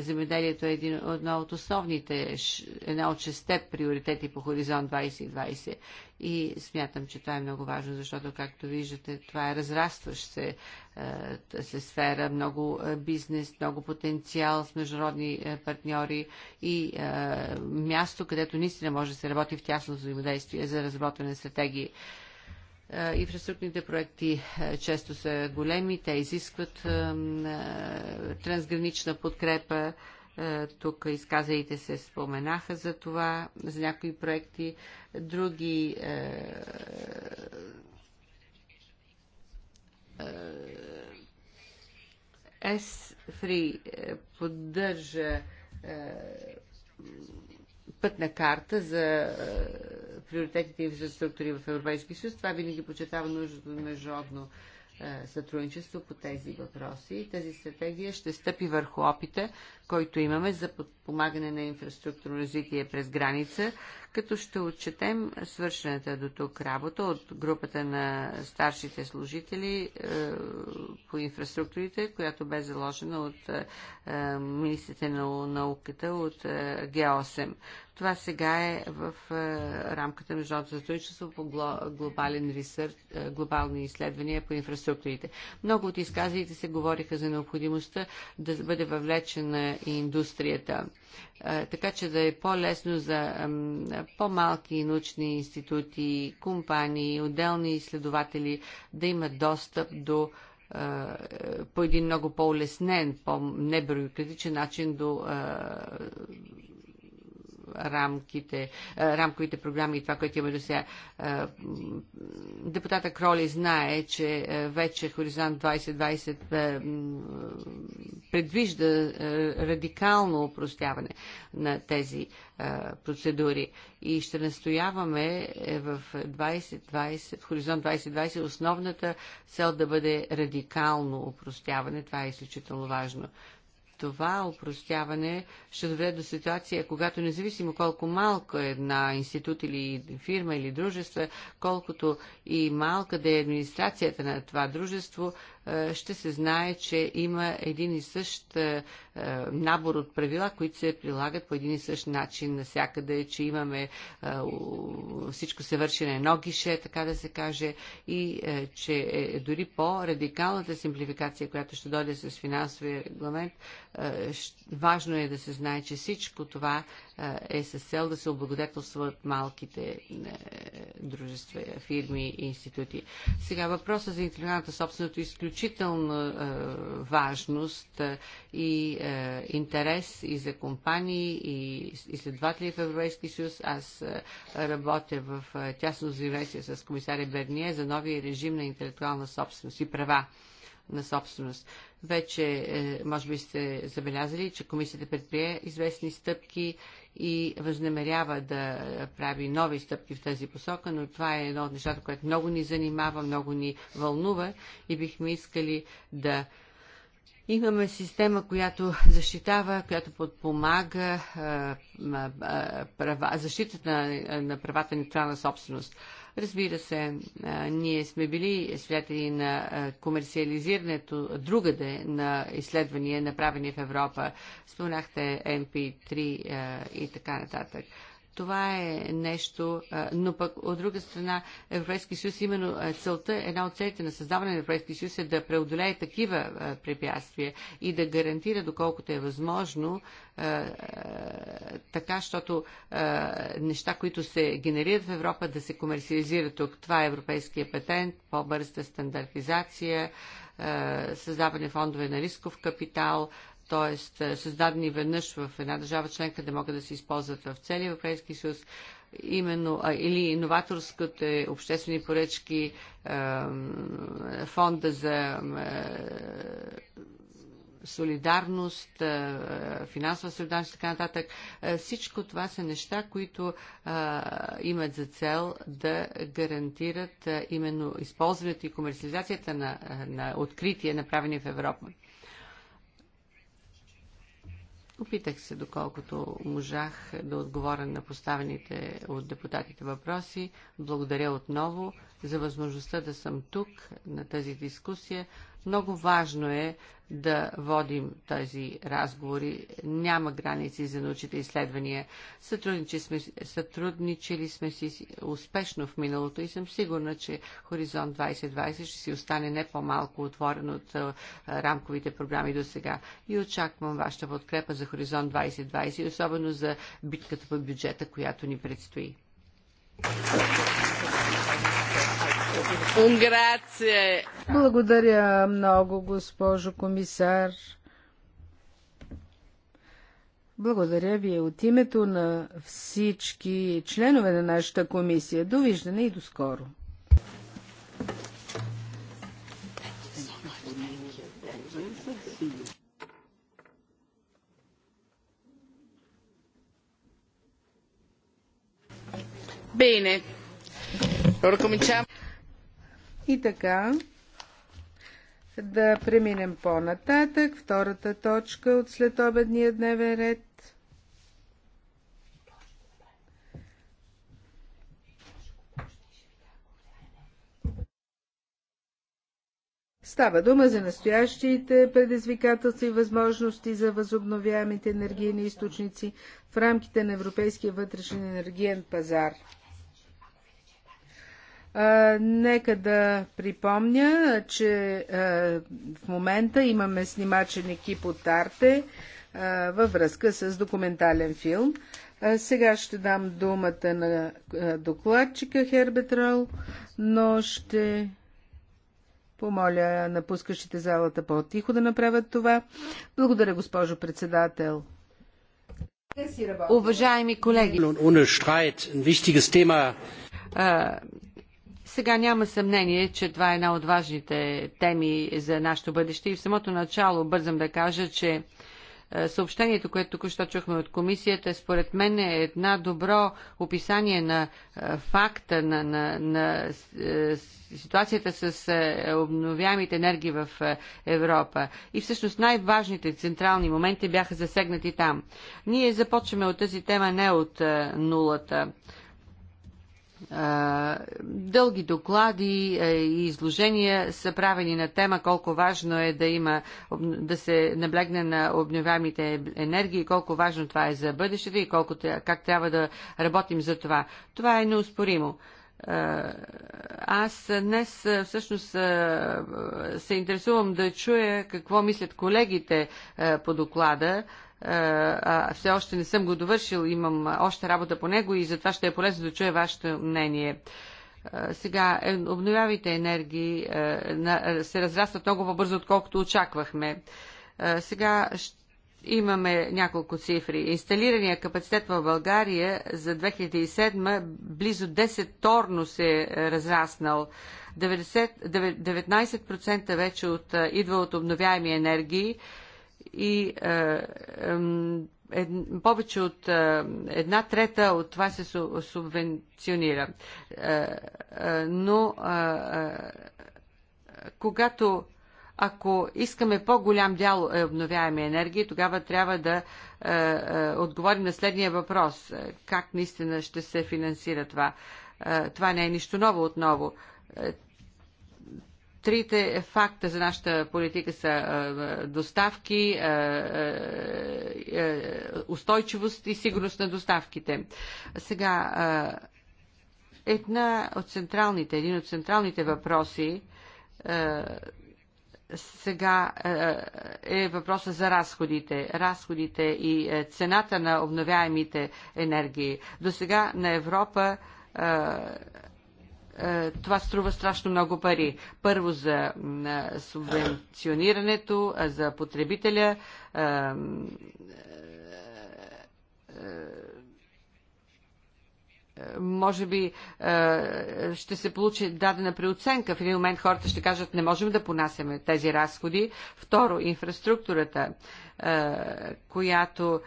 Земеделието е един, една от основните, една от шесте приоритети по Хоризонт 2020. И смятам, че това е много важно, защото, както виждате, това е разрастващ се, се сфера, много бизнес, много потенциал с международни партньори и място, където наистина може да се работи в тясно взаимодействие за разработване на стратегии е, инфраструктурните проекти е, често са големи, те изискват е, трансгранична подкрепа. Тук изказаните се споменаха за това, за някои проекти. Други s 3 поддържа пътна карта за приоритетите и инфраструктури в Европейския съюз. Това винаги почетава нуждата на международно е, сътрудничество по тези въпроси. Тази стратегия ще стъпи върху опита, който имаме за подпомагане на инфраструктурно развитие през граница, като ще отчетем свършената до тук работа от групата на старшите служители е, по инфраструктурите, която бе заложена от е, министрите на науката от е, Г8. Това сега е в е, рамката на международното сътрудничество по глобален ресърч, е, глобални изследвания по инфраструктурите. Много от изказалите се говориха за необходимостта да бъде въвлечена и индустрията, е, така че да е по-лесно за по-малки научни институти, компании, отделни изследователи да имат достъп до по един много по-улеснен, по-небюрократичен начин до рамките, рамковите програми и това, което имаме до сега. Депутата Кроли знае, че вече Хоризонт 2020 предвижда радикално упростяване на тези процедури. И ще настояваме е, в 2020, в Хоризонт 2020 основната цел да бъде радикално упростяване. Това е изключително важно. Това упростяване ще доведе до ситуация, когато независимо колко малко е една институт или фирма или дружество, колкото и малка да е администрацията на това дружество, е, ще се знае, че има един и същ е, е, набор от правила, които се прилагат по един и същ начин навсякъде, че имаме всичко се върши на едно гише, така да се каже, и че дори по-радикалната симплификация, която ще дойде с финансовия регламент, важно е да се знае, че всичко това е с цел да се облагодетелстват малките е, дружества, фирми и институти. Сега въпросът за интелигентната собственост е изключителна е, важност е, и интерес и за компании и изследователи в Европейския съюз. Аз работя в тясно взаимодействие с комисаря Берние за новия режим на интелектуална собственост и права на собственост. Вече, е, може би сте забелязали, че комисията предприе известни стъпки и възнамерява да прави нови стъпки в тази посока, но това е едно от нещата, което много ни занимава, много ни вълнува и бихме искали да Имаме система, която защитава, която подпомага е, е права, защитата на, на правата на собственост. Разбира се, ние сме били свидетели на комерциализирането другаде на изследвания, направени в Европа. Спомнахте MP3 и така нататък. Това е нещо, но пък от друга страна Европейски съюз, именно целта, една от целите на създаване на Европейски съюз е да преодолее такива препятствия и да гарантира доколкото е възможно така, защото неща, които се генерират в Европа, да се комерциализират тук. Това е европейския патент, по-бърза стандартизация, създаване фондове на рисков капитал, т.е. създадени веднъж в една държава членка да могат да се използват в целия Европейски съюз, именно, а, или новаторските обществени поръчки, а, фонда за е, а, солидарност, финансова солидарност и така нататък. Е, всичко това са неща, които имат за цел да гарантират именно използването и комерциализацията на, на откритие, направени в Европа. Опитах се, доколкото можах да отговоря на поставените от депутатите въпроси. Благодаря отново за възможността да съм тук на тази дискусия. Много важно е да водим тези разговори. Няма граници за научите изследвания. Сътрудничи сме, сътрудничили сме си успешно в миналото и съм сигурна, че Хоризонт 2020 ще си остане не по-малко отворен от а, рамковите програми до сега. И очаквам вашата подкрепа за Хоризонт 2020 и особено за битката по бюджета, която ни предстои. Thank you. Благодаря много, госпожо комисар. Благодаря ви от името на всички членове на нашата комисия. Довиждане и до скоро. Bene, allora cominciamo. И така, да преминем по-нататък. Втората точка от следобедния дневен ред. Става дума за настоящите предизвикателства и възможности за възобновяемите енергийни източници в рамките на Европейския вътрешен енергиен пазар. Нека да припомня, че в момента имаме снимачен екип от Арте във връзка с документален филм. Сега ще дам думата на докладчика Хербет Рол, но ще помоля напускащите залата по-тихо да направят това. Благодаря, госпожо председател. Уважаеми колеги, сега няма съмнение, че това е една от важните теми за нашето бъдеще и в самото начало бързам да кажа, че е, съобщението, което току-що чухме от комисията, според мен е една добро описание на е, факта, на, на, на е, ситуацията с обновяемите енергии в Европа. И всъщност най-важните централни моменти бяха засегнати там. Ние започваме от тази тема не от нулата дълги доклади и изложения са правени на тема колко важно е да има, да се наблегне на обновяемите енергии, колко важно това е за бъдещето и колко, как трябва да работим за това. Това е неоспоримо. Аз днес всъщност се интересувам да чуя какво мислят колегите по доклада е, а все още не съм го довършил, имам още работа по него и затова ще е полезно да чуя вашето мнение. Е, сега, е, обновявайте енергии се разрастват много по-бързо, отколкото очаквахме. Сега имаме няколко цифри. Инсталирания капацитет в България за 2007 близо 10 торно се е разраснал. 90, 19% вече от, идва от обновяеми енергии и е, повече от е, една трета от това се субвенционира. Е, е, но когато ако искаме по-голям дял обновяеми енергии, тогава трябва да е, е, отговорим на следния въпрос. Как наистина ще се финансира това? Е, това не е нищо ново отново трите факта за нашата политика са доставки, устойчивост и сигурност на доставките. Сега, една от централните, един от централните въпроси сега е въпроса за разходите. Разходите и цената на обновяемите енергии. До сега на Европа е, това струва страшно много пари. Първо за субвенционирането, за потребителя. Е, е, може би ще се получи дадена преоценка. В един момент хората ще кажат, не можем да понасяме тези разходи. Второ, инфраструктурата, която.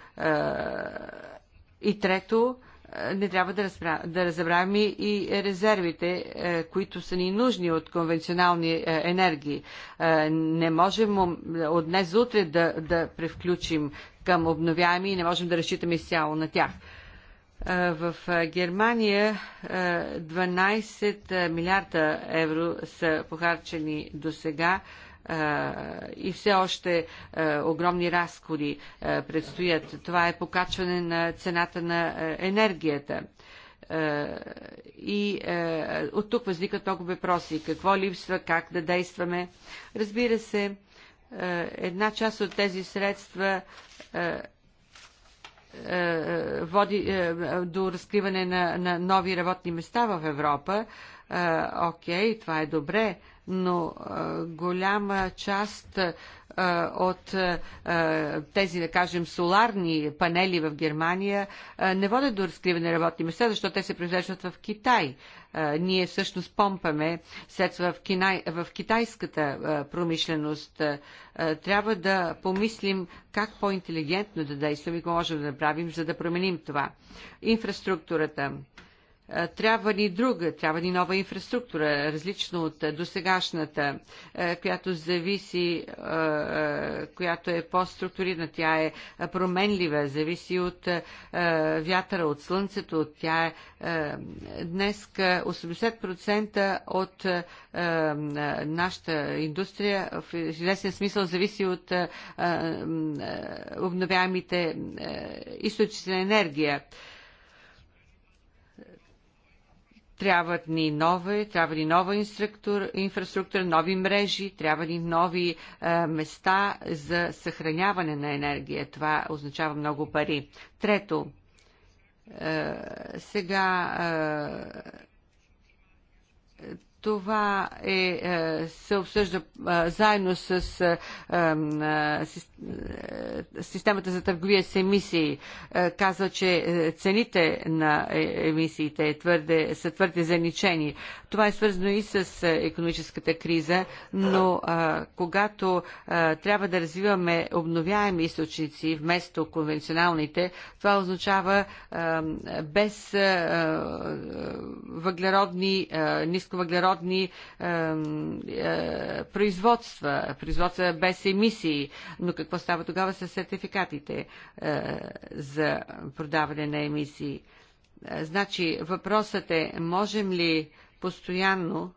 И трето, е, не трябва да, разпра... да разобравяме и резервите, е, които са ни нужни от конвенционални е, енергии. Не можем от днес за утре да, да превключим към обновяеми и не можем да разчитаме изцяло на тях. В Германия 12 милиарда евро са похарчени до сега и все още огромни разходи предстоят. Това е покачване на цената на енергията и от тук възникат много въпроси. Какво липсва, как да действаме? Разбира се, една част от тези средства води до разкриване на, на нови работни места в Европа. Окей, това е добре, но голяма част от тези, да кажем, соларни панели в Германия не водят до разкриване работни места, защото те се произвеждат в Китай. Ние всъщност помпаме средства в, кинай, в китайската промишленост. Трябва да помислим как по-интелигентно да действаме и какво можем да направим, за да променим това. Инфраструктурата. Трябва ни друга, трябва ни нова инфраструктура, различно от досегашната, която зависи, която е по-структурирана, тя е променлива, зависи от вятъра, от слънцето, от тя е днес 80% от нашата индустрия в известен смисъл зависи от обновяемите източници на енергия. Трябват ни нова, трябва ни нова инфраструктура, нови мрежи, трябва ни нови е, места за съхраняване на енергия. Това означава много пари. Трето, е, сега е, това е, е, се обсъжда е, заедно с е, системата за търговия с емисии. Казва, че цените на емисиите твърде, са твърде заничени. Това е свързано и с економическата криза, но когато трябва да развиваме обновяеми източници вместо конвенционалните, това означава без въглеродни, нисковъглеродни въглеродни е, е, производства, производства без емисии. Но какво става тогава с сертификатите е, за продаване на емисии? Е, значи въпросът е, можем ли постоянно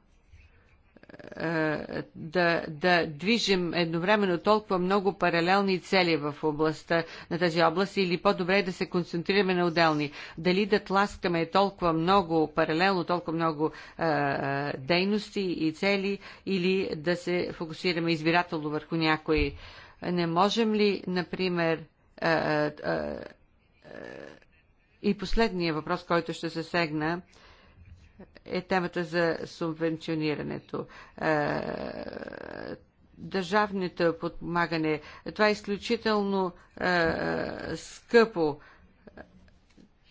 е, да, да движим едновременно толкова много паралелни цели в областта на тази област или по-добре е да се концентрираме на отделни. Дали да тласкаме толкова много паралелно, толкова много е, е, дейности и цели или да се фокусираме избирателно върху някои. Не можем ли, например, е, е, е, и последния въпрос, който ще се сегна, е, е темата за субвенционирането. Държавното подпомагане. Това е изключително скъпо.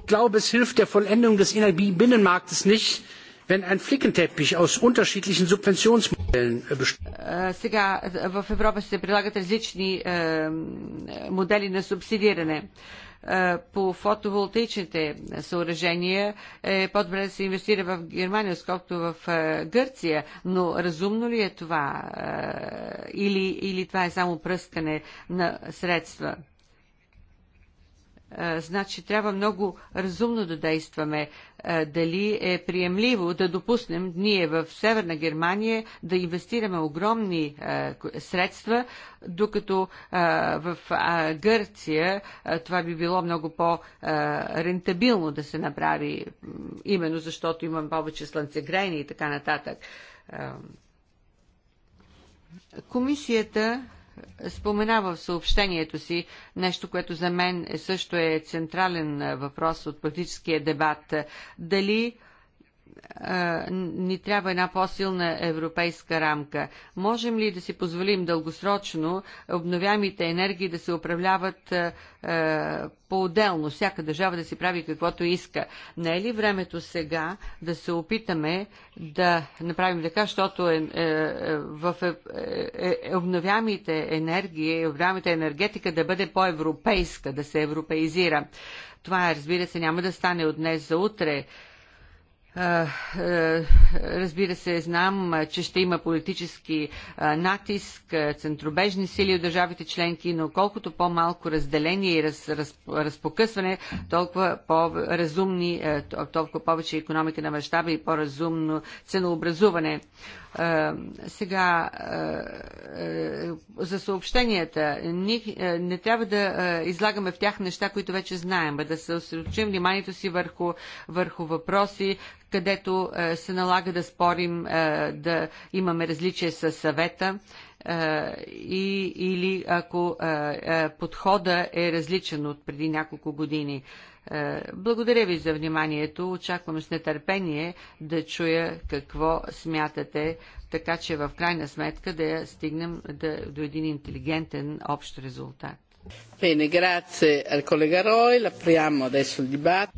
Ich glaube, es hilft der Vollendung des Energiebinnenmarktes nicht, wenn ein Flickenteppich aus unterschiedlichen Subventionsmodellen besteht. Сега в Европа се прилагат различни модели на субсидиране. Uh, е, по фотоволтаичните съоръжения е по-добре да се инвестира в Германия, отколкото в е, Гърция. Но разумно ли е това? Е, или, или това е само пръскане на средства? Значи трябва много разумно да действаме дали е приемливо да допуснем ние в Северна Германия да инвестираме огромни средства, докато в Гърция това би било много по-рентабилно да се направи, именно защото имам повече слънцегрени и така нататък. Комисията споменава в съобщението си нещо, което за мен също е централен въпрос от практическия дебат. Дали ни трябва една по-силна европейска рамка. Можем ли да си позволим дългосрочно обновямите енергии да се управляват по-отделно, всяка държава да си прави каквото иска? Не е ли времето сега да се опитаме да направим така, защото е, е, е, в е, е, обновямите енергии, обновямите енергетика да бъде по-европейска, да се европеизира? Това, разбира се, няма да стане от днес за утре. Разбира се, знам, че ще има политически натиск, центробежни сили от държавите членки, но колкото по-малко разделение и раз, раз, разпокъсване, толкова по-разумни, толкова повече економика на мащаба и по-разумно ценообразуване. Е, сега е, е, за съобщенията. Не трябва да излагаме в тях неща, които вече знаем, а да се съсредоточим вниманието си върху, върху въпроси, където се налага да спорим, да имаме различие с съвета и, или ако подхода е различен от преди няколко години. Е, благодаря ви за вниманието. Очаквам с нетърпение да чуя какво смятате, така че в крайна сметка да стигнем да, до един интелигентен общ резултат.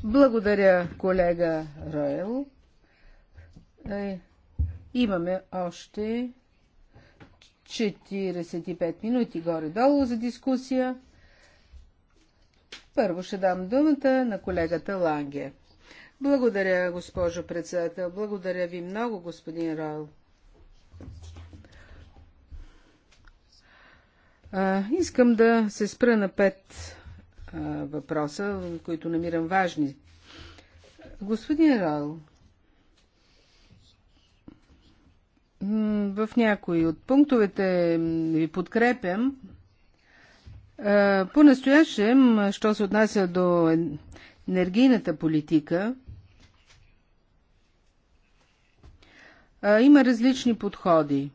Благодаря, колега Ройл. Е, имаме още 45 минути горе-долу за дискусия. Първо ще дам думата на колегата Ланге. Благодаря, госпожо председател. Благодаря ви много, господин Ройл. А, искам да се спра на пет а, въпроса, които намирам важни. Господин Ройл, в някои от пунктовете ви подкрепям, е, по-настоящем, що се отнася до енергийната политика, е, има различни подходи.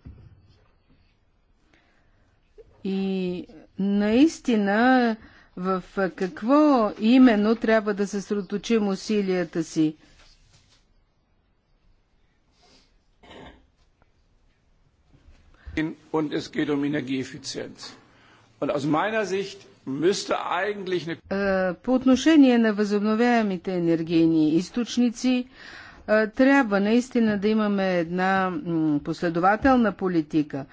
И наистина в какво именно трябва да съсредоточим усилията си? И es geht um Energieeffizienz. Е, по отношение на възобновяемите енергийни източници, е, трябва наистина да имаме една последователна политика.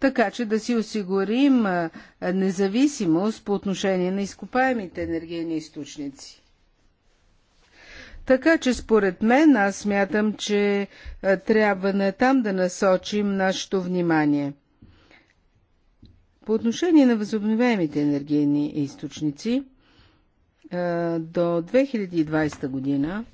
Така че да си осигурим е, независимост по отношение на изкопаемите енергийни източници. Така че според мен аз смятам, че трябва на там да насочим нашето внимание. По отношение на възобновяемите енергийни източници, до 2020 година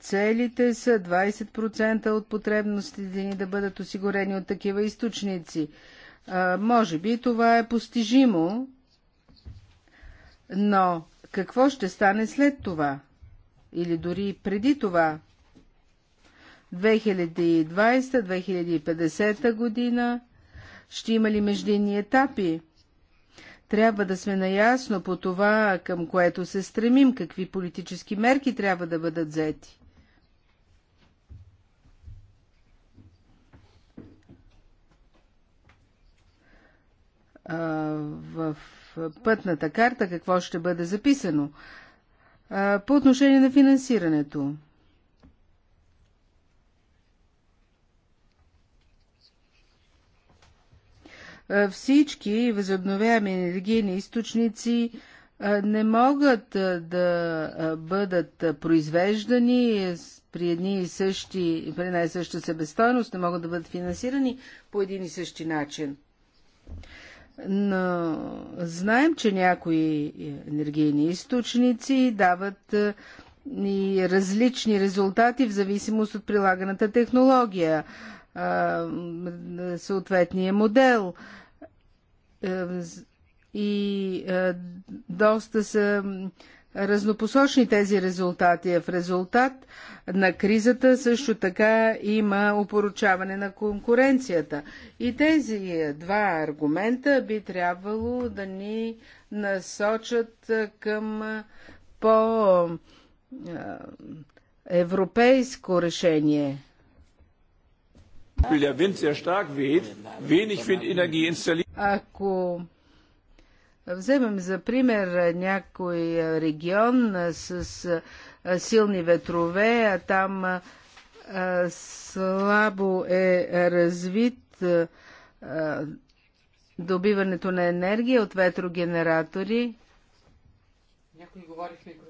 целите са 20% от потребностите ни да бъдат осигурени от такива източници. Може би това е постижимо, но какво ще стане след това? Или дори преди това? 2020-2050 година? Ще има ли междинни етапи? Трябва да сме наясно по това, към което се стремим, какви политически мерки трябва да бъдат взети. в е, пътната карта какво ще бъде записано. По отношение на финансирането. Всички възобновяеми енергийни източници не могат да бъдат произвеждани при едни и същи, при една и съща себестойност, не могат да бъдат финансирани по един и същи начин но знаем, че някои енергийни източници дават е, и различни резултати в зависимост от прилаганата технология, е, съответния модел. Е, и доста са разнопосочни тези резултати. В резултат на кризата също така има опоручаване на конкуренцията. И тези два аргумента би трябвало да ни насочат към по-европейско решение. Ако Вземем за пример някой регион с силни ветрове, а там слабо е развит добиването на енергия от ветрогенератори. Някой говори в микрофона.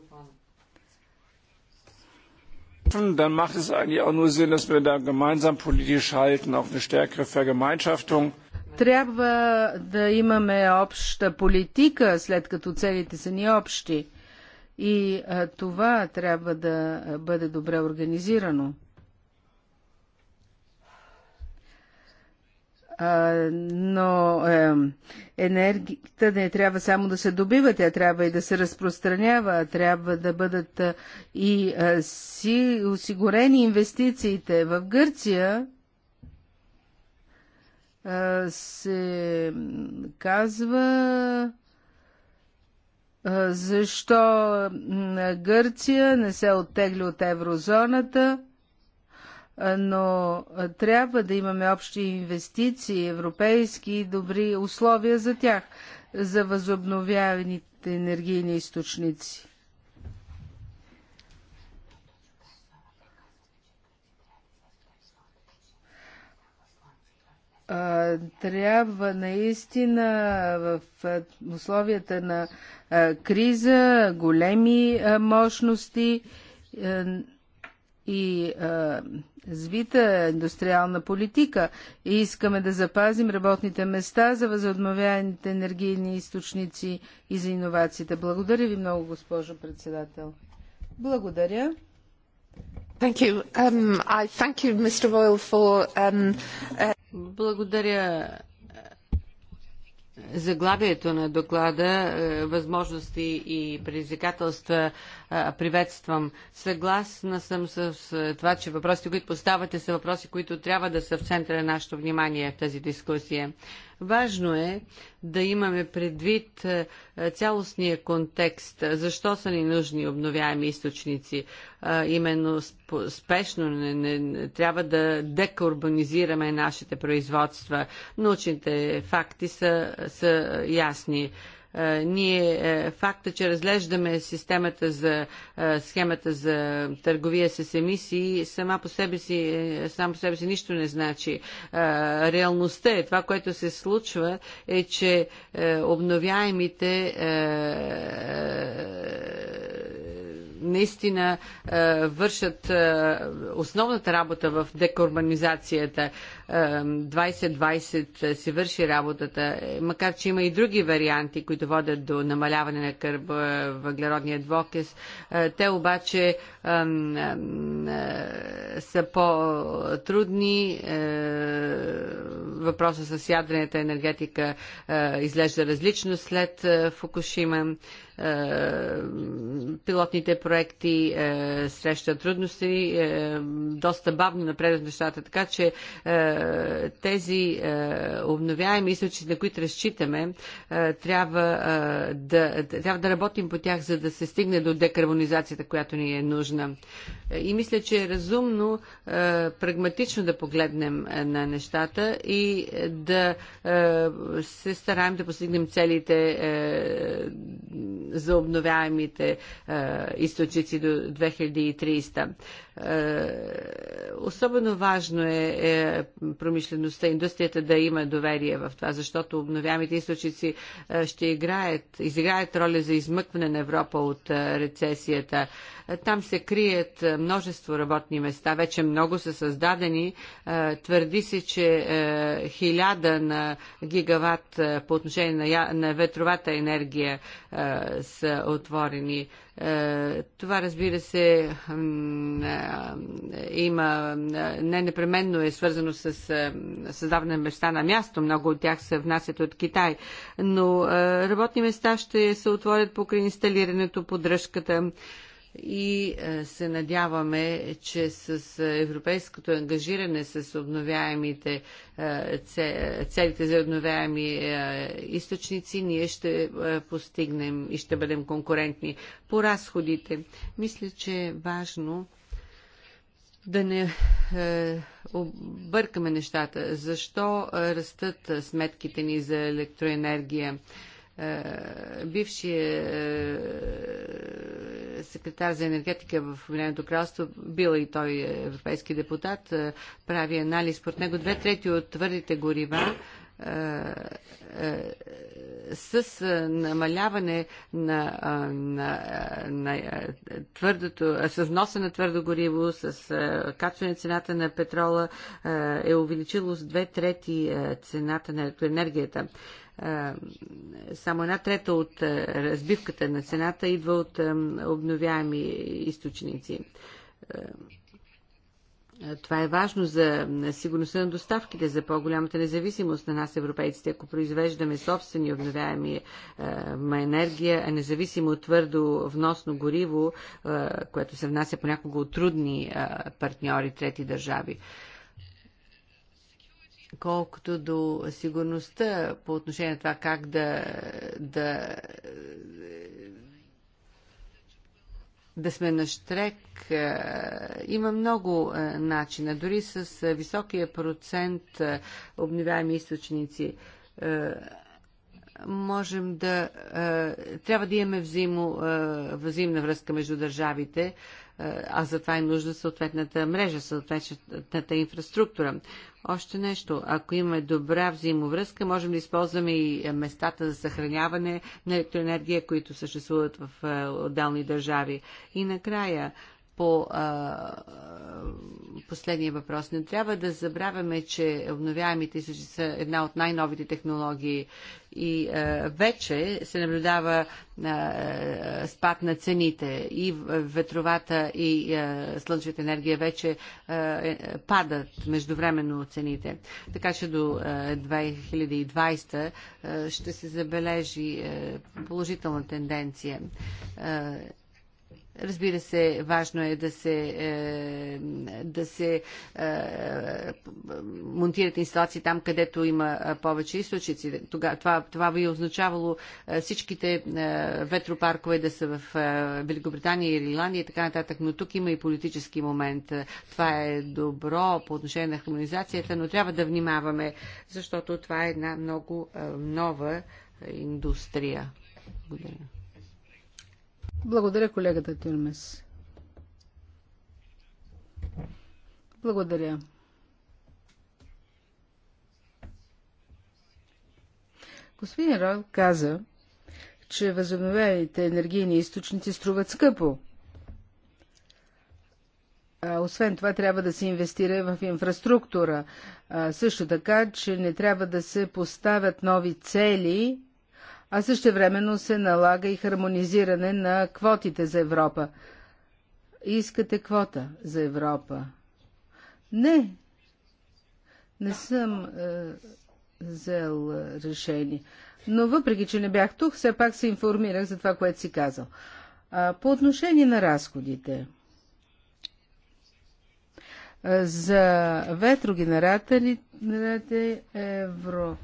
Dann macht es eigentlich auch nur Sinn, dass wir da gemeinsam politisch halten, auch eine stärkere Vergemeinschaftung трябва да имаме обща политика, след като целите са ни общи. И а, това трябва да бъде добре организирано. А, но е, енергията не трябва само да се добива, тя трябва и да се разпространява, трябва да бъдат и а, си осигурени инвестициите. В Гърция се казва защо Гърция не се оттегли от еврозоната, но трябва да имаме общи инвестиции, европейски и добри условия за тях, за възобновяваните енергийни източници. трябва наистина в условията на криза, големи мощности и звита индустриална политика и искаме да запазим работните места за възобновяемите енергийни източници и за иновациите. Благодаря ви много, госпожо председател. Благодаря. Thank you. Um, I thank you, Mr. Royal, for um, uh... Благодаря е, заглавието на доклада е, възможности и предизвикателства приветствам. Съгласна съм с това, че въпросите, които поставате, са въпроси, които трябва да са в центъра на нашето внимание в тази дискусия. Важно е да имаме предвид цялостния контекст, защо са ни нужни обновяеми източници. Именно спешно не, не, трябва да декарбонизираме нашите производства. Научните факти са, са ясни е, ние е, факта, че разглеждаме системата за, е, схемата за търговия с емисии, сама по себе си, сам по себе си нищо не значи. Реалността е това, което се случва, е, че обновяемите наистина е, вършат е, основната работа в декарбонизацията. 2020 е, си върши работата, макар че има и други варианти, които водят до намаляване на кърб, въглеродния двокис. Те обаче са по-трудни. Въпросът с ядрената енергетика изглежда различно след Фукушима. Е, пилотните проекти е, срещат трудности, е, доста бавно напредат нещата, така че тези обновяеми източници, на които разчитаме, трябва да, трябва да работим по тях, за да се стигне до декарбонизацията, която ни е нужна. И мисля, че е разумно прагматично да погледнем на нещата и да се стараем да постигнем целите за обновяемите е, източници до 2030. Е, особено важно е, е промишлеността, индустрията да има доверие в това, защото обновяемите източници ще играят, изиграят роля за измъкване на Европа от рецесията там се крият е, множество работни места, вече много са създадени. Е, твърди се, че е, хиляда на гигаватт по отношение на ветровата енергия са отворени. Това, разбира се, има, не непременно е свързано с създаване на места на място. Много от тях се внасят от Китай. Но работни места ще се отворят покрай инсталирането, поддръжката и е, се надяваме, че с е, европейското ангажиране с обновяемите е, целите за обновяеми източници, ние ще постигнем и ще бъдем конкурентни. По разходите, мисля, че е важно да не е, объркаме нещата. Защо растат сметките ни за електроенергия? Е, бившия е, секретар за енергетика в Обединеното кралство, бил и той европейски депутат, е, прави анализ. Според него две трети от твърдите горива е, е, с намаляване на, на, на твърдото, с вноса на твърдо гориво, с качване цената на петрола е увеличило с две трети цената на електроенергията само една трета от разбивката на цената идва от обновяеми източници. Това е важно за сигурността на доставките, за по-голямата независимост на нас, европейците, ако произвеждаме собствени обновяеми е, енергия, а независимо от твърдо вносно гориво, е, което се внася понякога от трудни е, партньори трети държави. Е, Колкото до сигурността по отношение на това как да, да, да сме на штрек, е, има много е, начина. Дори с е, високия процент обновяеми източници можем да. Трябва да имаме взаимо, взаимна връзка между държавите, е, а за това е нужда съответната мрежа, съответната инфраструктура. Още нещо, ако имаме добра взаимовръзка, можем да използваме и местата за съхраняване на електроенергия, които съществуват в е, отделни държави. И накрая, по а, последния въпрос. Не трябва да забравяме, че обновяемите са една от най-новите технологии и а, вече се наблюдава а, спад на цените и ветровата и а, слънчевата енергия вече а, е, падат междувременно цените. Така че до а, 2020 а, ще се забележи а, положителна тенденция. А, Разбира се, важно е да се, е, да се е, монтират инсталации там, където има е, повече източници. това, това би означавало всичките ветропаркове да са в Великобритания, и Ирландия и така нататък. Но тук има и политически момент. Това е добро по отношение на хармонизацията, но трябва да внимаваме, защото това е една много нова индустрия. Благодаря. Благодаря, колегата Тюрмес. Благодаря. Господин Рал каза, че възобновяемите енергийни източници струват скъпо. А, освен това, трябва да се инвестира в инфраструктура. А, също така, че не трябва да се поставят нови цели а също времено се налага и хармонизиране на квотите за Европа. Искате квота за Европа? Не, не съм е, взел решение. Но въпреки, че не бях тук, все пак се информирах за това, което си казал. А, по отношение на разходите. За ветрогенераторите евро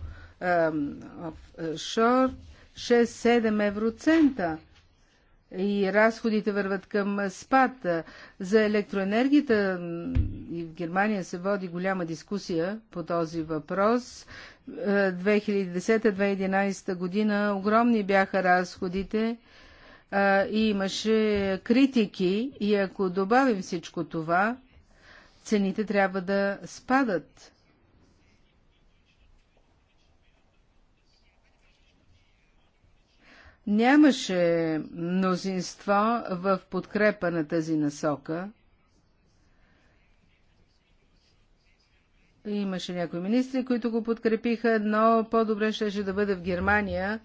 шорт 6-7 евроцента и разходите върват към спад. За електроенергията и в Германия се води голяма дискусия по този въпрос. 2010-2011 е, година огромни бяха разходите е, и имаше критики и ако добавим всичко това, цените трябва да спадат. Нямаше мнозинство в подкрепа на тази насока. Имаше някои министри, които го подкрепиха, но по-добре щеше да бъде в Германия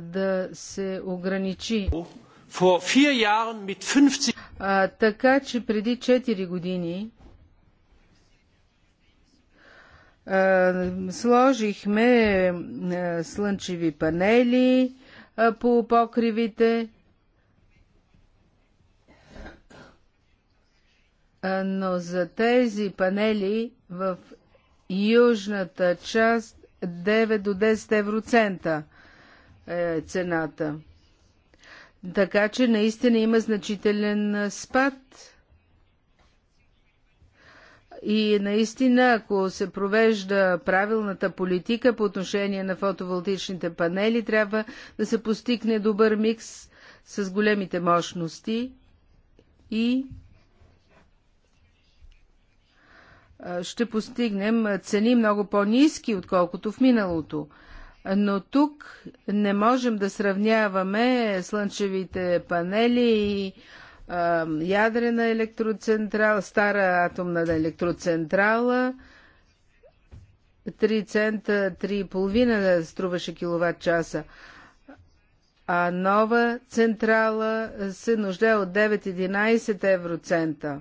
да се ограничи. А, така че преди 4 години Сложихме слънчеви панели по покривите, но за тези панели в южната част 9 до 10 евроцента е цената. Така че наистина има значителен спад и наистина, ако се провежда правилната политика по отношение на фотоволтичните панели, трябва да се постигне добър микс с големите мощности и ще постигнем цени много по-низки, отколкото в миналото. Но тук не можем да сравняваме слънчевите панели и ядрена електроцентрала, стара атомна електроцентрала. 3 цента, 3,5 струваше киловатт часа. А нова централа се нуждае от 9-11 евроцента.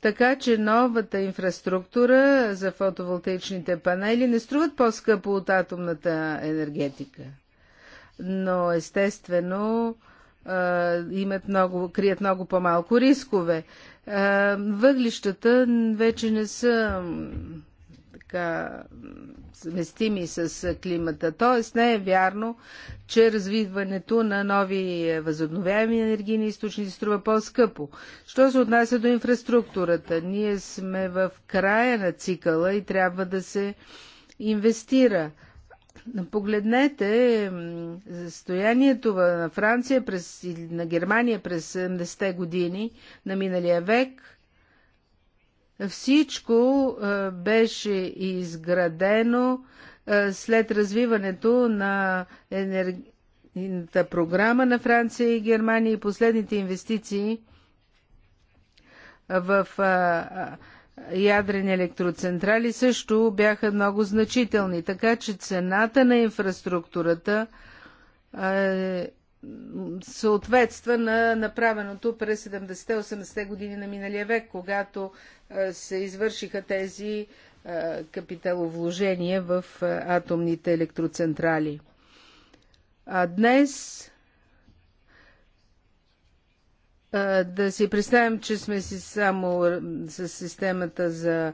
Така че новата инфраструктура за фотоволтаичните панели не струват по-скъпо от атомната енергетика. Но естествено, имат много, крият много по-малко рискове. Въглищата вече не са така съвместими с климата. Тоест не е вярно, че развиването на нови възобновяеми енергийни източници струва по-скъпо. Що се отнася до инфраструктурата? Ние сме в края на цикъла и трябва да се инвестира. Погледнете състоянието на Франция през, на Германия през 70-те години на миналия век. Всичко беше изградено след развиването на енергийната програма на Франция и Германия и последните инвестиции в ядрени електроцентрали също бяха много значителни, така че цената на инфраструктурата е, съответства на направеното през 70-80 години на миналия век, когато е, се извършиха тези е, капиталовложения в атомните електроцентрали. А днес да си представим, че сме си само с системата за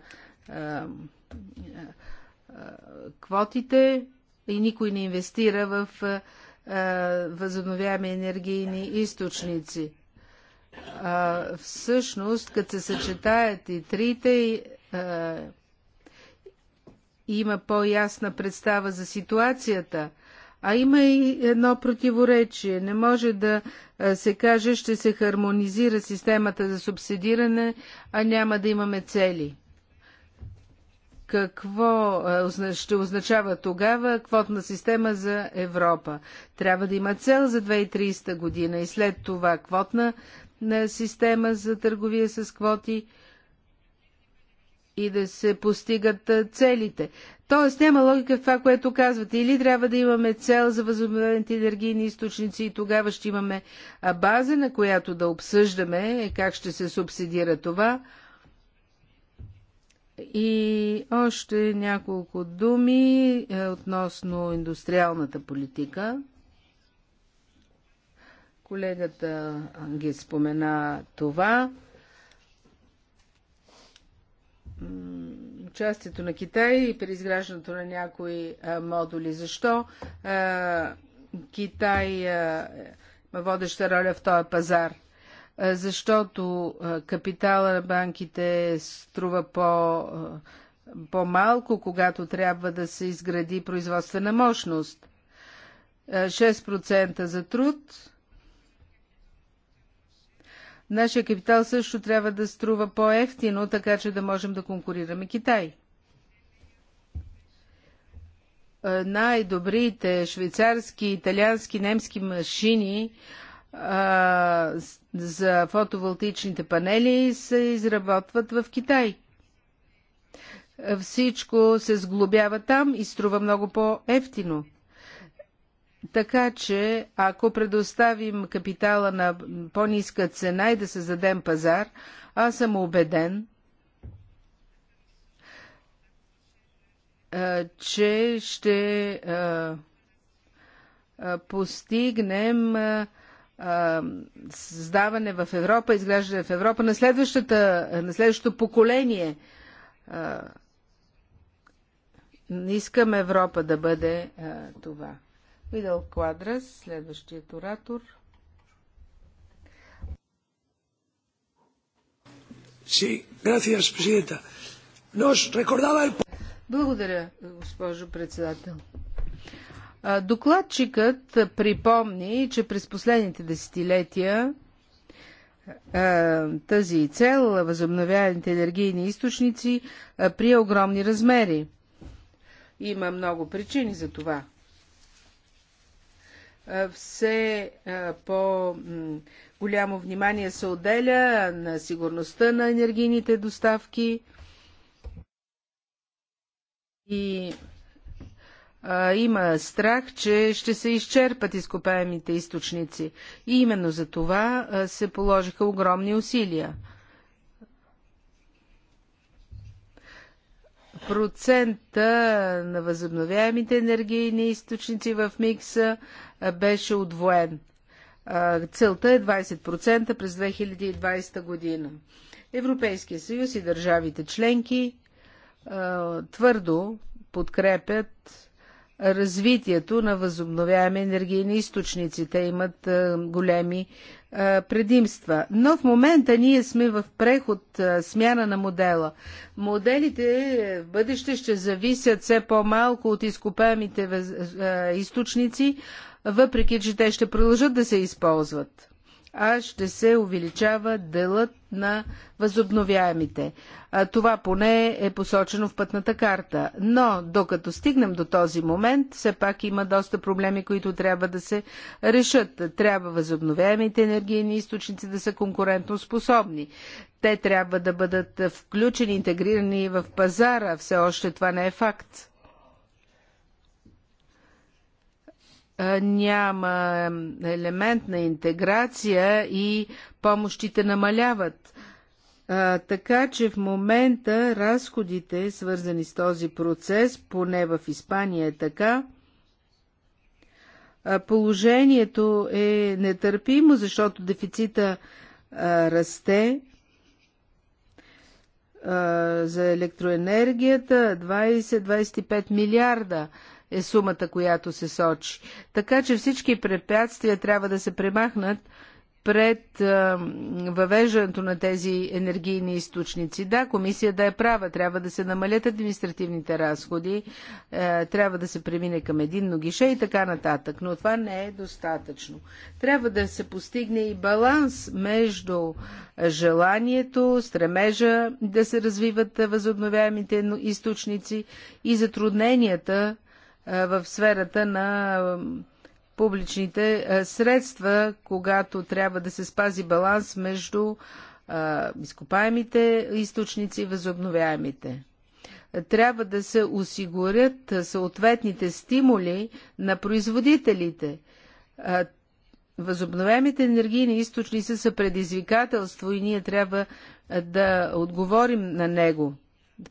квотите и никой не инвестира в възобновяеми енергийни източници. Всъщност, като се съчетаят и трите, има по-ясна представа за ситуацията – а има и едно противоречие. Не може да се каже, ще се хармонизира системата за субсидиране, а няма да имаме цели. Какво ще означава тогава квотна система за Европа? Трябва да има цел за 2030 година и след това квотна система за търговия с квоти и да се постигат целите. Тоест няма логика в това, което казвате. Или трябва да имаме цел за възобновените енергийни източници и тогава ще имаме база, на която да обсъждаме е, как ще се субсидира това. И още няколко думи е, относно индустриалната политика. Колегата ги спомена това участието на Китай и при изграждането на някои модули. Защо Китай има е, водеща роля в този пазар? Защото капитала на банките струва по, по-малко, когато трябва да се изгради производствена мощност. 6% за труд, Нашия капитал също трябва да струва по-ефтино, така че да можем да конкурираме Китай. Най-добрите швейцарски, италиански, немски машини а, за фотоволтичните панели се изработват в Китай. Всичко се сглобява там и струва много по-ефтино. Така че, ако предоставим капитала на по-ниска цена и да създадем пазар, аз съм убеден, че ще постигнем създаване в Европа, изграждане в Европа на, на следващото поколение. Не искам Европа да бъде това. Видел Квадрас, следващият оратор. Sí, gracias, presidenta. Nos recordaba el... Благодаря, госпожо председател. Докладчикът припомни, че през последните десетилетия тази цел, възобновяваните енергийни източници, прие огромни размери. Има много причини за това. Е, все е, по-голямо внимание се отделя на сигурността на енергийните доставки и е, има страх, че ще се изчерпат изкопаемите източници. И именно за това се положиха огромни усилия. процента на възобновяемите енергийни източници в микса беше удвоен. Целта е 20% през 2020 година. Европейския съюз и държавите членки твърдо подкрепят развитието на възобновяеми енергийни източници. Те имат големи предимства. Но в момента ние сме в преход, смяна на модела. Моделите в бъдеще ще зависят все по-малко от изкопаемите източници, въпреки че те ще продължат да се използват а ще се увеличава делът на възобновяемите. А, това поне е посочено в пътната карта. Но докато стигнем до този момент, все пак има доста проблеми, които трябва да се решат. Трябва възобновяемите енергийни източници да са конкурентно способни. Те трябва да бъдат включени, интегрирани в пазара. Все още това не е факт. няма елемент на интеграция и помощите намаляват. А, така че в момента разходите, свързани с този процес, поне в Испания е така, а, положението е нетърпимо, защото дефицита а, расте а, за електроенергията 20-25 милиарда е сумата, която се сочи. Така че всички препятствия трябва да се премахнат пред въвеждането на тези енергийни източници. Да, комисия да е права, трябва да се намалят административните разходи, е, трябва да се премине към един ногише и така нататък, но това не е достатъчно. Трябва да се постигне и баланс между желанието, стремежа да се развиват възобновяемите източници и затрудненията, в сферата на публичните средства, когато трябва да се спази баланс между изкопаемите източници и възобновяемите. Трябва да се осигурят съответните стимули на производителите. Възобновяемите енергийни източници са предизвикателство и ние трябва да отговорим на него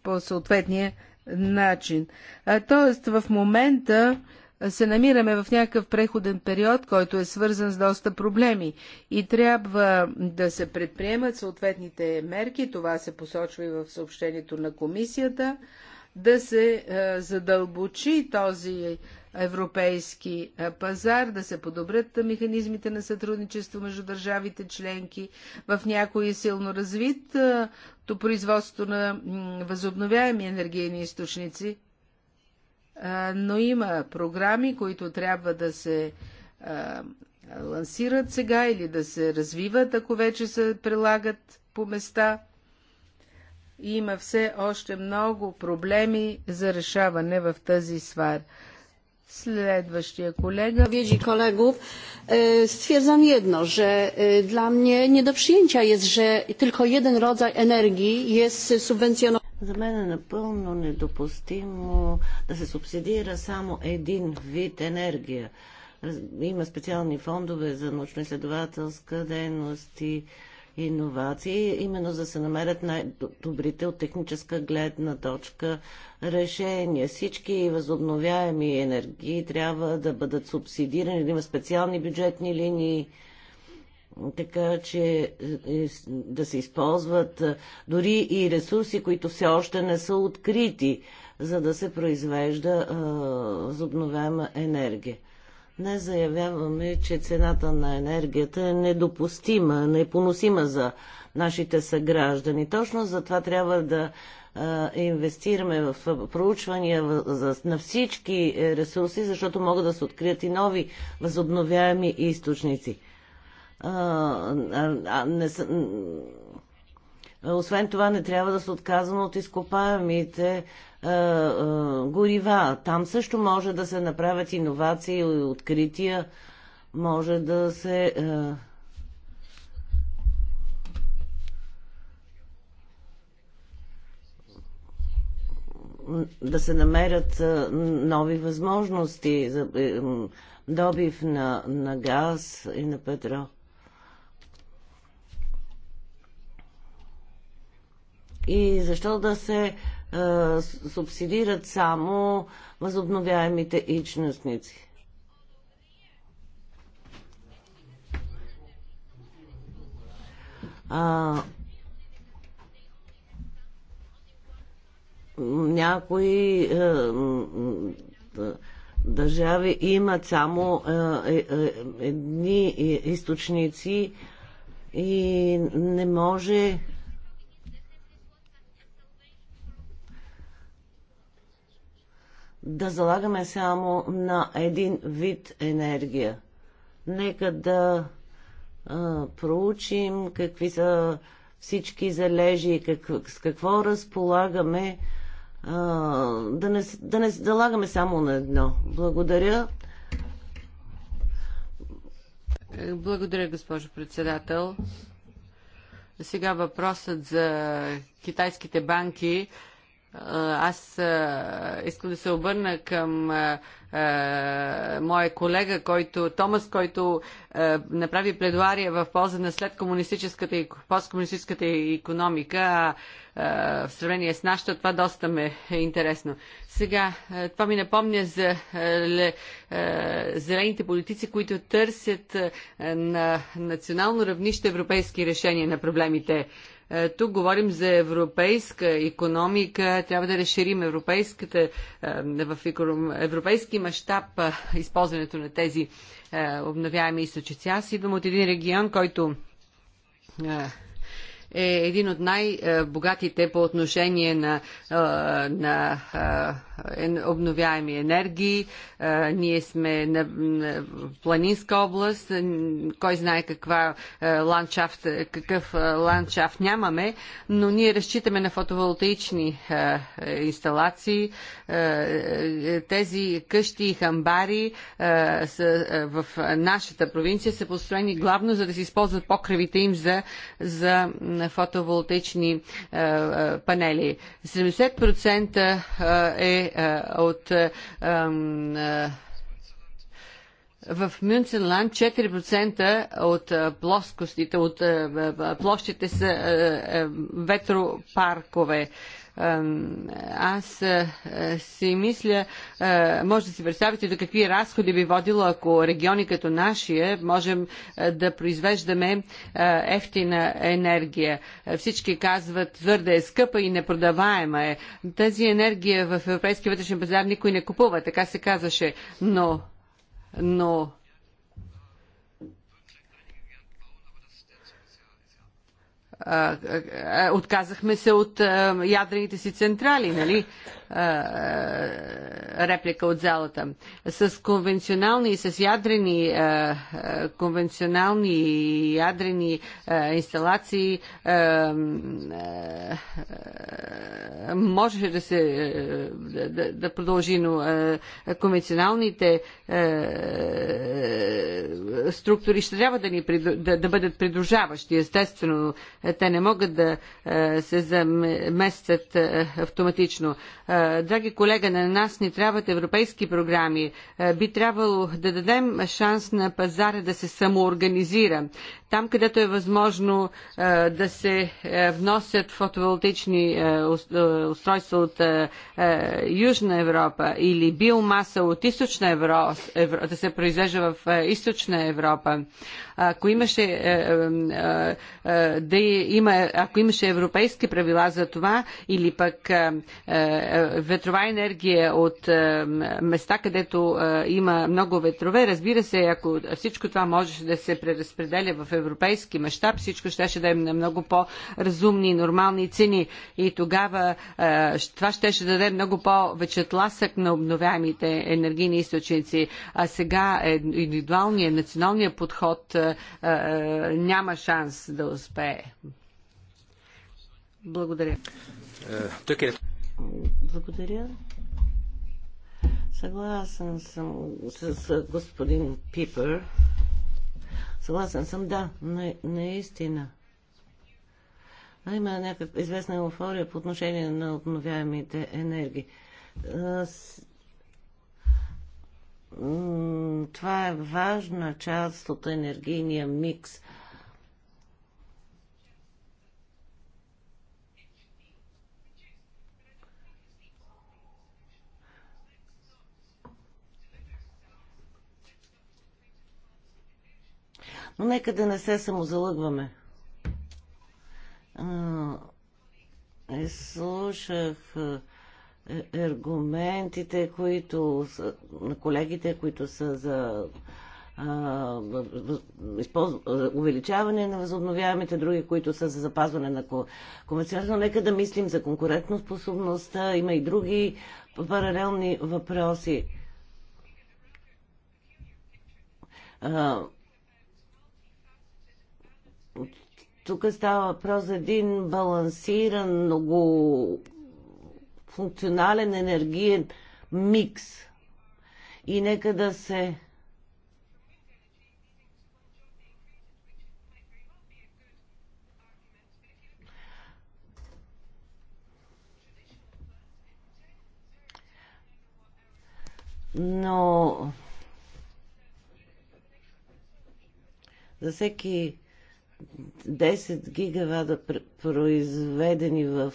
по съответния начин. Тоест, в момента се намираме в някакъв преходен период, който е свързан с доста проблеми и трябва да се предприемат съответните мерки, това се посочва и в съобщението на комисията, да се задълбочи този европейски пазар, да се подобрят механизмите на сътрудничество между държавите членки. В някои силно развито производство на възобновяеми енергийни източници, но има програми, които трябва да се лансират сега или да се развиват, ако вече се прилагат по места. И има все още много проблеми за решаване в тази сфера. Следващия колега. Wiedzi kolegów. E, stwierdzam jedno, że e, dla mnie nie do przyjęcia jest, że tylko jeden rodzaj energii jest subwencjonowany. За мен е напълно недопустимо да се субсидира само един вид енергия. Има специални фондове за научно-изследователска дейност и иновации, именно за да се намерят най-добрите от техническа гледна точка решения. Всички възобновяеми енергии трябва да бъдат субсидирани, да има специални бюджетни линии, така че е, е, да се използват е, дори и ресурси, които все още не са открити, за да се произвежда възобновяема енергия. Не заявяваме, че цената на енергията е недопустима, непоносима за нашите съграждани. Точно за това трябва да инвестираме в проучвания на всички ресурси, защото могат да се открият и нови възобновяеми източници. Освен това, не трябва да се отказваме от изкопаемите горива. Там също може да се направят иновации, и открития, може да се. да се намерят нови възможности за е, добив на, на газ и на петро. И защо да се е, субсидират само възобновяемите ичностници. А, някои е, държави имат само е, едни източници и не може да залагаме само на един вид енергия. Нека да а, проучим какви са всички залежи, как, с какво разполагаме, а, да, не, да не залагаме само на едно. Благодаря. Благодаря, госпожо председател. Сега въпросът за китайските банки аз искам да се обърна към моя колега, който, Томас, който направи предуария в полза на след комунистическата и посткомунистическата економика, а в сравнение с нашата това доста ме е интересно. Сега, това ми напомня за зелените политици, които търсят на национално равнище европейски решения на проблемите. Е, тук говорим за европейска економика, трябва да разширим европейската, е, в европейски мащаб е, използването на тези обновяеми източници. Аз идвам от един регион, който е един от най-богатите по отношение на, на обновяеми енергии. Ние сме на планинска област, кой знае каква ландшафт, какъв ландшафт нямаме, но ние разчитаме на фотоволтаични инсталации. Е, тези къщи и хамбари в нашата провинция са построени главно за да се използват покривите им за, за на фотоволтични е, е, панели. 70% е, е от в Мюнценланд 4% от плоскостите, от площите са ветропаркове. Аз си мисля, може да си представите до какви разходи би водило, ако региони като нашия можем да произвеждаме ефтина енергия. Всички казват, твърде е скъпа и непродаваема е. Тази енергия в европейския вътрешен пазар никой не купува, така се казваше. Но, но отказахме се от ядрените си централи, нали? Реплика от залата. С конвенционални и с ядрени, конвенционални ядрени инсталации можеше да се да, да продължи, но конвенционалните структури ще трябва да, ни, да, да бъдат придружаващи. Естествено, те не могат да е, се заместят е, автоматично. Е, драги колега, на нас ни трябват европейски програми. Би трябвало да дадем шанс на пазара да се самоорганизира. Там, където е възможно да се вносят фотоволтични устройства от Южна Европа или биомаса от Източна Европа, да се произвежда в Източна Европа, ако имаше да има, ако имаше европейски правила за това или пък е, е, ветрова енергия от е, места, където има много ветрове, разбира се, ако всичко това можеше да се преразпределя в европейски мащаб, всичко щеше да е на много по-разумни и нормални цени и тогава това щеше да даде много повече тласък на обновяемите енергийни източници. А сега индивидуалният, националният подход няма шанс да успее. Благодаря. Е, Благодаря. Съгласен съм с господин Пипер. Съгласен съм, да, не, наистина. А има някаква известна еуфория по отношение на обновяемите енергии. Това е важна част от енергийния микс – Но нека да не се самозалъгваме. Е, слушах е, аргументите, които са, на колегите, които са за увеличаване на възобновяемите, други, които са за запазване на Но Нека да мислим за конкурентоспособността. Има и други паралелни въпроси. А, Тук става въпрос за един балансиран, много функционален енергиен микс. И нека да се но за всеки 10 гигавата произведени в,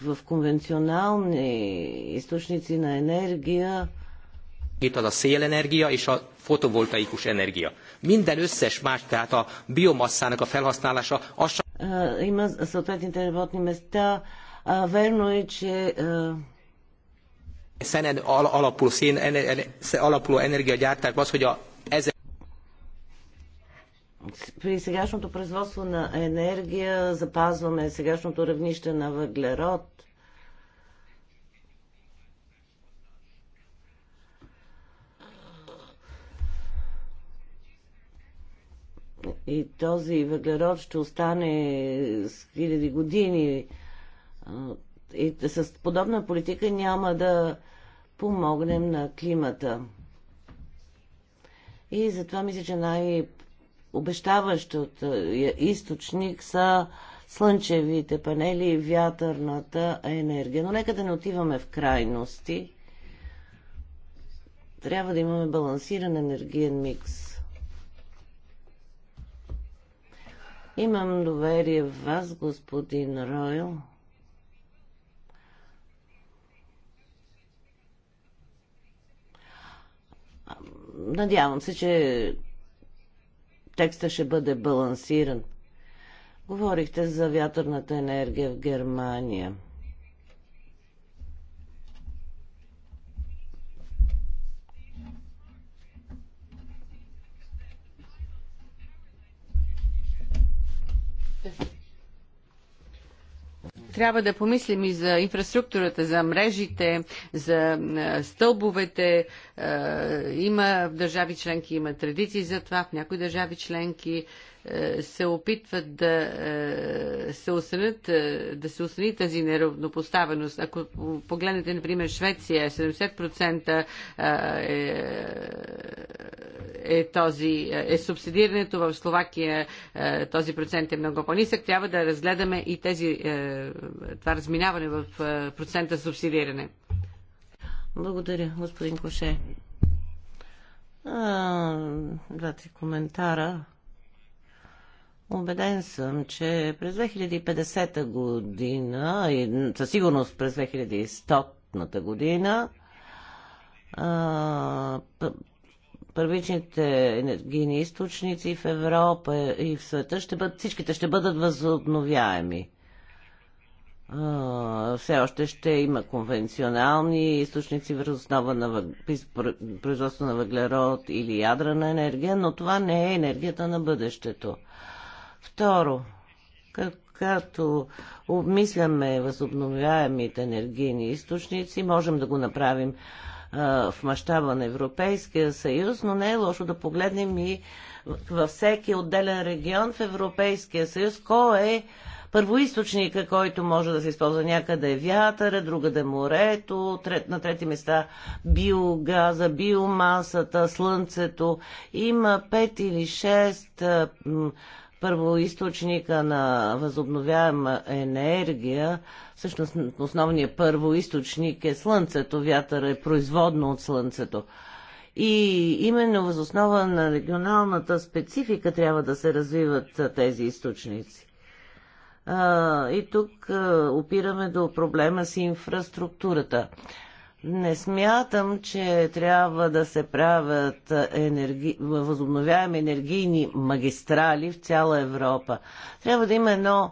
в конвенционални източници на енергия. Itt az a szélenergia és a fotovoltaikus energia. Minden összes más, tehát a biomasszának a felhasználása, az sem... Има съответните работни места. Верно е, че Szenen alapuló, szén, alapuló energiagyártásban az, hogy a, ezek при сегашното производство на енергия запазваме сегашното равнище на въглерод. И този въглерод ще остане с хиляди години. И с подобна политика няма да помогнем на климата. И затова мисля, че най- обещаващ от е, източник са слънчевите панели и вятърната енергия. Но нека да не отиваме в крайности. Трябва да имаме балансиран енергиен микс. Имам доверие в вас, господин Ройл. Надявам се, че текста ще бъде балансиран. Говорихте за вятърната енергия в Германия – трябва да помислим и за инфраструктурата, за мрежите, за стълбовете. Има в държави членки, има традиции за това. В някои държави членки се опитват да се останат, да се остани тази неравнопоставеност. Ако погледнете, например, Швеция, 70% е е, този, е субсидирането в Словакия, е, този процент е много по-нисък, трябва да разгледаме и тези, е, това разминаване в е, процента субсидиране. Благодаря, господин Коше. Двата коментара. Обеден съм, че през 2050 година и със сигурност през 2100 година първичните енергийни източници в Европа и в света ще бъдат, всичките ще бъдат възобновяеми. А, все още ще има конвенционални източници в основа на производство на въглерод или ядрена енергия, но това не е енергията на бъдещето. Второ, като обмисляме възобновяемите енергийни източници, можем да го направим в мащаба на Европейския съюз, но не е лошо да погледнем и във всеки отделен регион в Европейския съюз, кой е първоисточника, който може да се използва някъде е вятъра, другаде е морето, трет, на трети места биогаза, биомасата, слънцето. Има пет или шест първоисточника на възобновяема енергия, всъщност основният първоисточник е Слънцето, Вятър е производно от Слънцето. И именно възоснова на регионалната специфика трябва да се развиват тези източници. И тук опираме до проблема с инфраструктурата. Не смятам, че трябва да се правят енерги... възобновяеми енергийни магистрали в цяла Европа. Трябва да има едно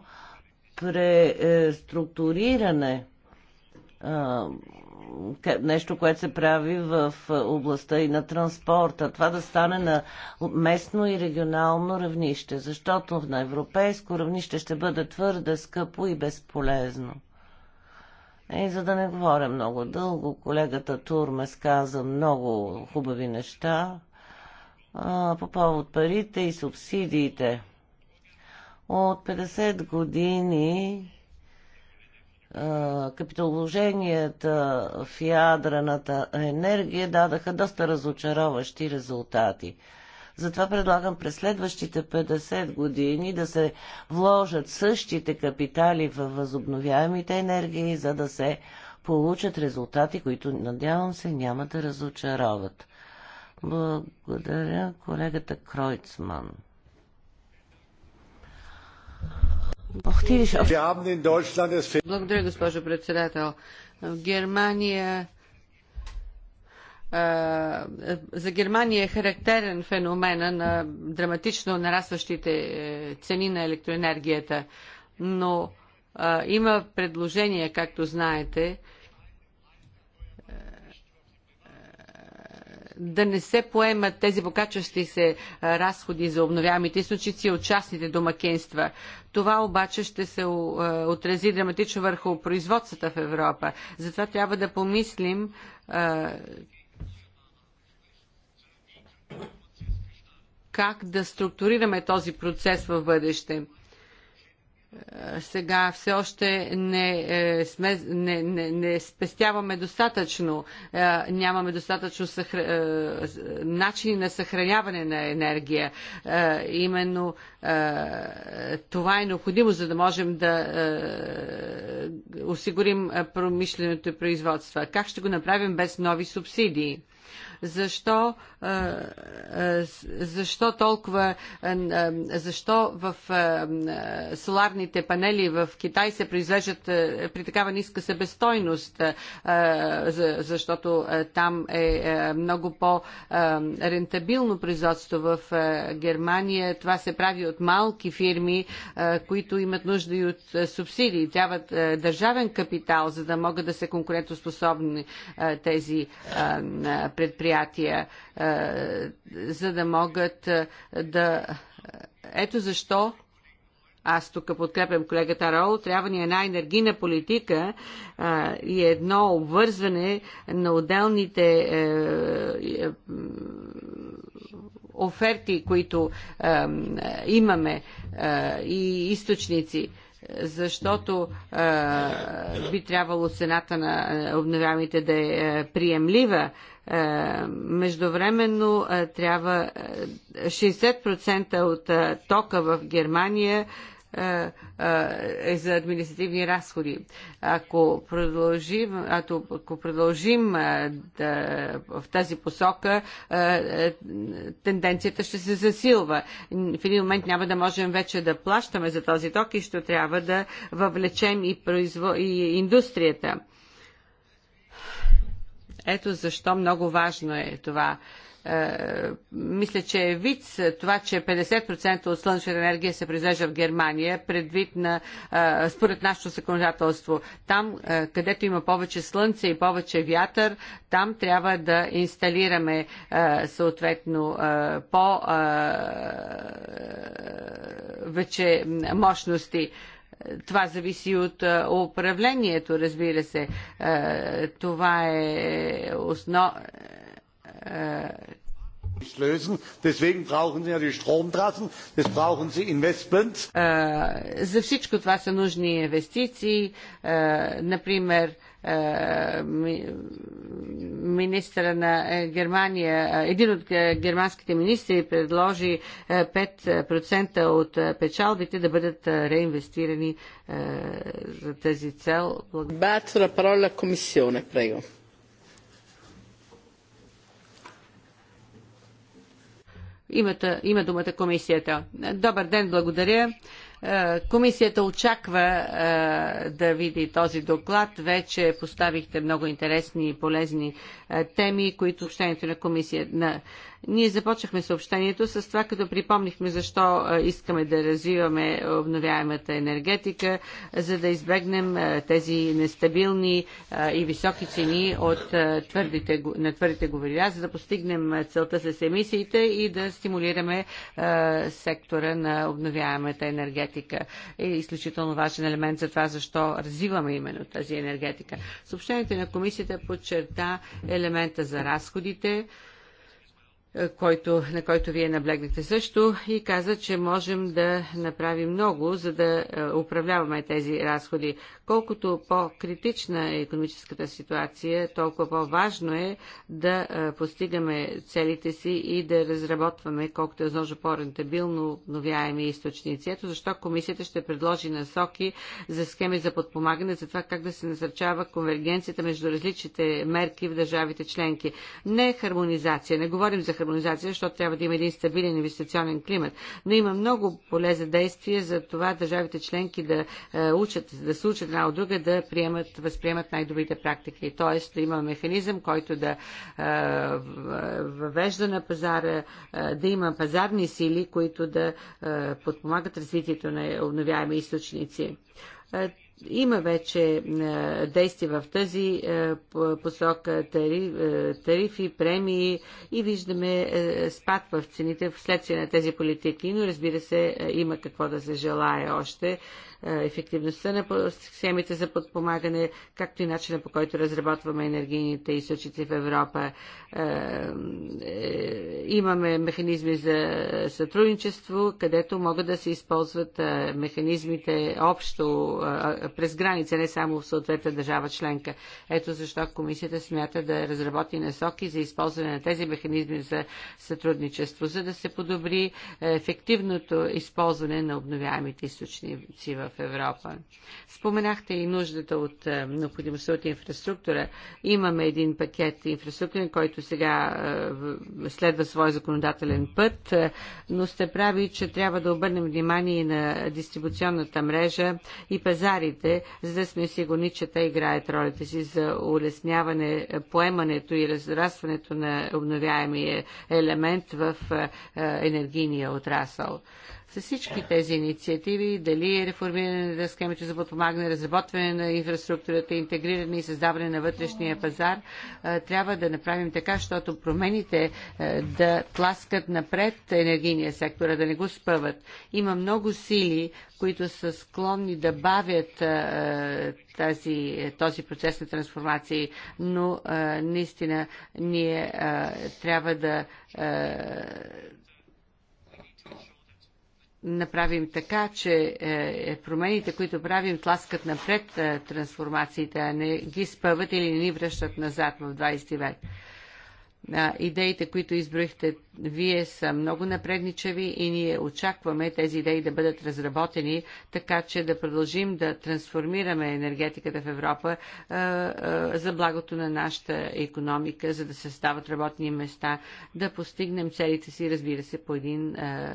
преструктуриране, нещо, което се прави в областта и на транспорта. Това да стане на местно и регионално равнище, защото на европейско равнище ще бъде твърде скъпо и безполезно. И е, за да не говоря много дълго, колегата Турмес каза много хубави неща а, по повод парите и субсидиите. От 50 години капиталовложенията в ядрената енергия дадаха доста разочароващи резултати. Затова предлагам през следващите 50 години да се вложат същите капитали в възобновяемите енергии, за да се получат резултати, които надявам се няма да разочароват. Благодаря колегата Кройцман. Благодаря, госпожо председател. В Германия за Германия е характерен феномена на драматично нарастващите е, цени на електроенергията, но има предложения, както знаете, е, да не се поемат тези покачващи се е, разходи за обновяемите източници от частните домакинства. Това обаче ще се отрази драматично върху производствата в Европа. Затова трябва да помислим как да структурираме този процес в бъдеще. Е, сега все още не, е, сме, не, не, не спестяваме достатъчно, е, нямаме достатъчно съхр... начини на съхраняване на енергия. Именно това е необходимо, за да можем да осигурим промишленото производство. Как ще го направим без нови субсидии? Защо защо толкова, защо в соларните панели в Китай се произвеждат при такава ниска себестойност, защото там е много по-рентабилно производство в Германия. Това се прави от малки фирми, които имат нужда и от субсидии. Трябва държавен капитал, за да могат да се конкурентоспособни тези предприятия за да могат да. Ето защо аз тук подкрепям колегата Рол, трябва ни една енергийна политика а, и едно обвързване на отделните е, е, оферти, които е, имаме е, и източници защото е, би трябвало цената на е, обновяваните да е, е приемлива е, междувременно е, трябва 60% е, от тока в Германия е за административни разходи. Ако продължим, ако продължим да, в тази посока, тенденцията ще се засилва. В един момент няма да можем вече да плащаме за този ток и ще трябва да въвлечем и, производ... и индустрията. Ето защо много важно е това. Е, мисля, че е вид е, това, че 50% от слънчевата енергия се произвежда в Германия, предвид на, е, според нашето законодателство. Там, където има повече слънце и повече вятър, там трябва да инсталираме съответно по вече мощности това зависи от управлението, разбира се. Това е, е основ... За всичко това са нужни инвестиции. Например, е, министра на е, Германия, е, един от германските министри предложи 5% от печалбите да бъдат реинвестирани за тези цел. Бацо la parola комисионе, prego. има думата комисията. Добър ден, благодаря. Е, комисията очаква е, да види този доклад. Вече поставихте много интересни и полезни е, теми, които общението на комисия на ние започнахме съобщението с това, като припомнихме защо искаме да развиваме обновяемата енергетика, за да избегнем тези нестабилни и високи цени от твърдите, на твърдите говорила, за да постигнем целта с емисиите и да стимулираме сектора на обновяемата енергетика. Е изключително важен елемент за това, защо развиваме именно тази енергетика. Съобщението на комисията подчерта елемента за разходите, е, който, на който вие наблегнахте също и каза, че можем да направим много, за да е, управляваме тези разходи. Колкото по-критична е економическата ситуация, толкова по-важно е да е, постигаме целите си и да разработваме колкото е възможно по-рентабилно новяеми източници. Ето защо комисията ще предложи насоки за схеми за подпомагане, за това как да се насърчава конвергенцията между различните мерки в държавите членки. Не хармонизация, не говорим за хармонизация хармонизация, защото трябва да има един стабилен инвестиционен климат. Но има много поле за действие за това държавите членки да е, учат, да се учат една от друга, да приемат, възприемат най-добрите практики. Тоест да има механизъм, който да е, въвежда на пазара, е, да има пазарни сили, които да подпомагат развитието на обновяеми източници. Има вече е, действия в тази е, посока, е, тарифи, премии и виждаме спад в цените вследствие на тези политики, но разбира се има какво да се желая още. Ефективността на схемите за подпомагане, както и начина по който разработваме енергийните източници в Европа. Имаме механизми за сътрудничество, където могат да се използват механизмите общо през граница, не само в съответна държава членка. Ето защо комисията смята да разработи насоки за използване на тези механизми за сътрудничество, за да се подобри ефективното използване на обновяемите източници в Европа. Споменахте и нуждата от е, необходимостта от инфраструктура. Имаме един пакет инфраструктурен, който сега е, следва своя законодателен път, е, но сте прави, че трябва да обърнем внимание на дистрибуционната мрежа и пазари, партньорите, за да сме сигурни, че те играят ролите си за улесняване поемането и разрастването на обновяемия елемент в е, енергийния отрасъл. С всички тези инициативи, дали е реформиране на схемите за подпомагане, разработване на инфраструктурата, интегриране и създаване на вътрешния пазар, е, трябва да направим така, защото промените е, да тласкат напред енергийния сектор, да не го спъват. Има много сили, които са склонни да бавят а, тази, този процес на трансформации, но а, наистина ние а, трябва да а, направим така, че е, е, промените, които правим, тласкат напред е, трансформациите, а не ги спъват или не ни връщат назад в 20 век а, идеите, които изброихте вие са много напредничави и ние очакваме тези идеи да бъдат разработени, така че да продължим да трансформираме енергетиката в Европа а, а, за благото на нашата економика, за да се стават работни места, да постигнем целите си, разбира се, по един а,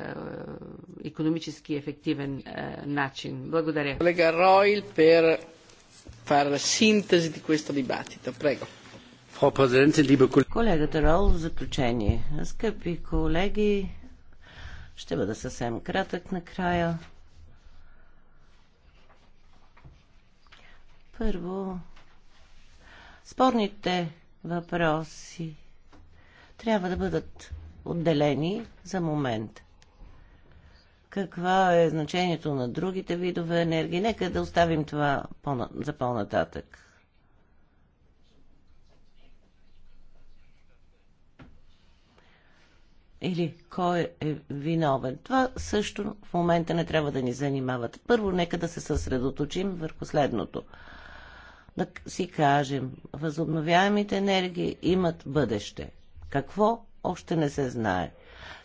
економически ефективен а, начин. Благодаря. Колега Ройл, per far sintesi di questo dibattito. Prego. Колегата Рол в заключение. Скъпи колеги, ще бъда съвсем кратък накрая. Първо, спорните въпроси трябва да бъдат отделени за момент. Каква е значението на другите видове енергии? Нека да оставим това за по-нататък. или кой е виновен. Това също в момента не трябва да ни занимават. Първо, нека да се съсредоточим върху следното. Да си кажем, възобновяемите енергии имат бъдеще. Какво още не се знае.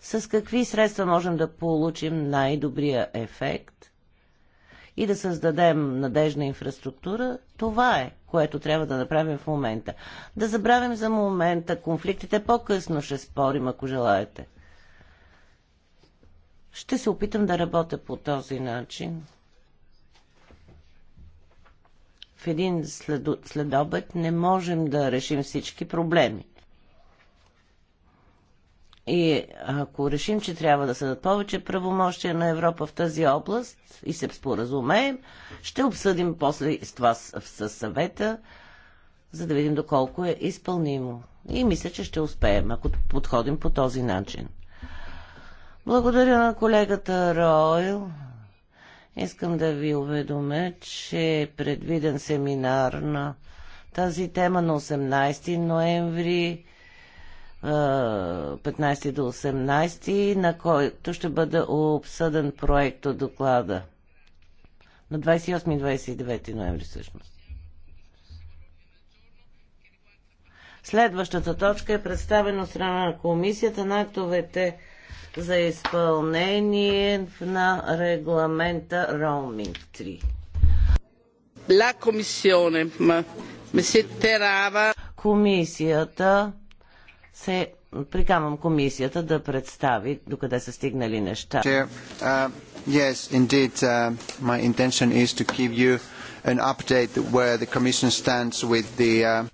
С какви средства можем да получим най-добрия ефект и да създадем надежна инфраструктура, това е което трябва да направим в момента. Да забравим за момента конфликтите, по-късно ще спорим, ако желаете. Ще се опитам да работя по този начин. В един следобед не можем да решим всички проблеми. И ако решим, че трябва да се дадат повече правомощия на Европа в тази област и се споразумеем, ще обсъдим после с това с съвета, за да видим доколко е изпълнимо. И мисля, че ще успеем, ако подходим по този начин. Благодаря на колегата Ройл. Искам да ви уведомя, че е предвиден семинар на тази тема на 18 ноември 15 до 18, на който ще бъде обсъден проект от доклада. На 28 и 29 ноември всъщност. Следващата точка е представена от страна на комисията на актовете за изпълнение на регламента Роуминг 3. La Комисията се приканвам комисията да представи докъде са стигнали неща. Uh, yes, indeed, uh, my intention is to give you an update where the commission stands with the uh...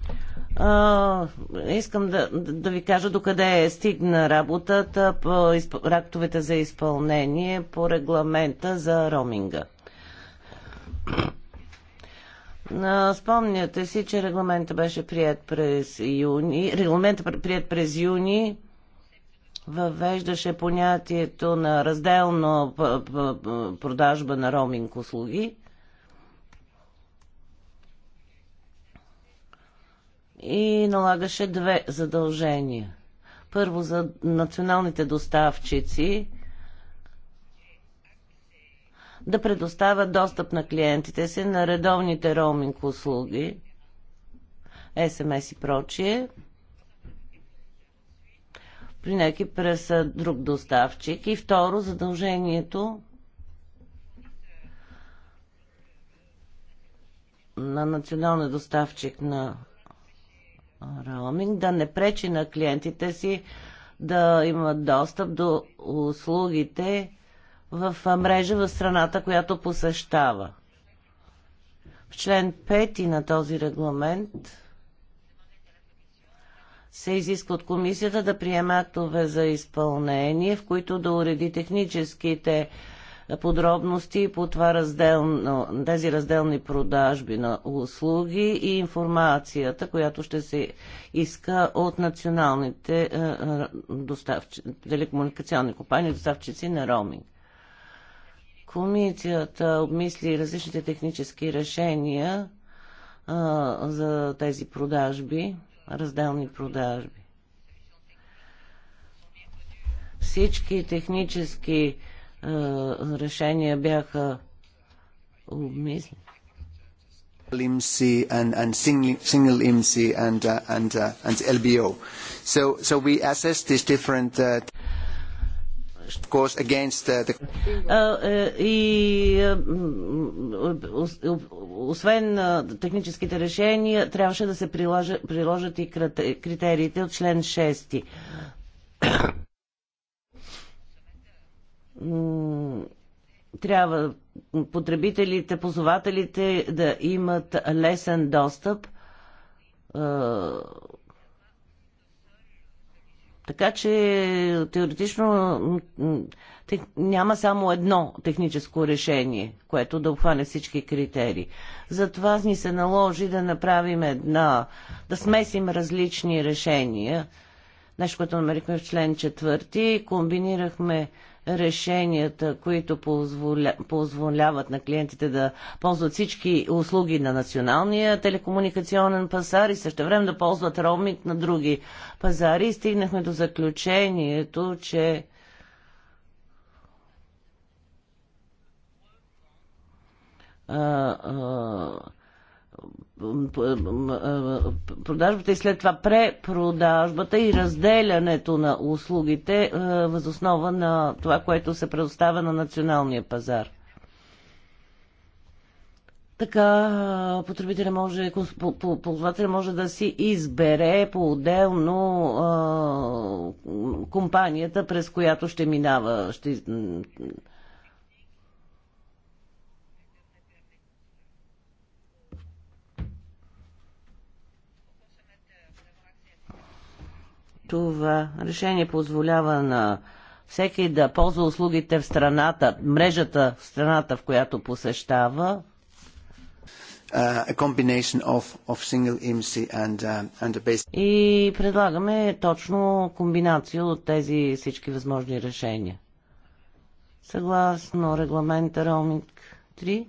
Uh, искам да, да ви кажа докъде е стигна работата по изп... рактовете за изпълнение по регламента за роминга. Спомняте си, че регламентът беше прият през юни. Регламентът прият през юни въвеждаше понятието на разделно продажба на роминг услуги. И налагаше две задължения. Първо за националните доставчици – да предоставят достъп на клиентите си на редовните роуминг услуги, СМС и прочие, при някакви през друг доставчик. И второ, задължението на националния доставчик на роуминг да не пречи на клиентите си да имат достъп до услугите, в мрежа в страната, която посещава. В член 5 на този регламент се изиска от комисията да приеме актове за изпълнение, в които да уреди техническите подробности по това разделно, тези разделни продажби на услуги и информацията, която ще се иска от националните телекомуникационни компании, доставчици на роуминг. Комисията обмисли различните технически решения а, за тези продажби, разделни продажби. Всички технически а, решения бяха обмислени. and, and single, single and, uh, and, uh, and LBO. So, so we assess these different uh, и освен техническите решения, трябваше да се приложат и критериите от член 6 трябва потребителите, позователите да имат лесен достъп така че теоретично тех, няма само едно техническо решение, което да обхване всички критерии. Затова ни се наложи да направим една, да смесим различни решения. Нещо, което намерихме в член четвърти, комбинирахме решенията, които позволя, позволяват на клиентите да ползват всички услуги на националния телекомуникационен пазар и също време да ползват роуминг на други пазари. И стигнахме до заключението, че а, а, продажбата и след това препродажбата и разделянето на услугите е, възоснова на това, което се предоставя на националния пазар. Така е, потребителя може, ползвателя може да си избере по-отделно е, компанията, през която ще минава, ще Това решение позволява на всеки да ползва услугите в страната, мрежата в страната, в която посещава. Uh, of, of and, uh, and И предлагаме точно комбинация от тези всички възможни решения. Съгласно регламента Роминг 3,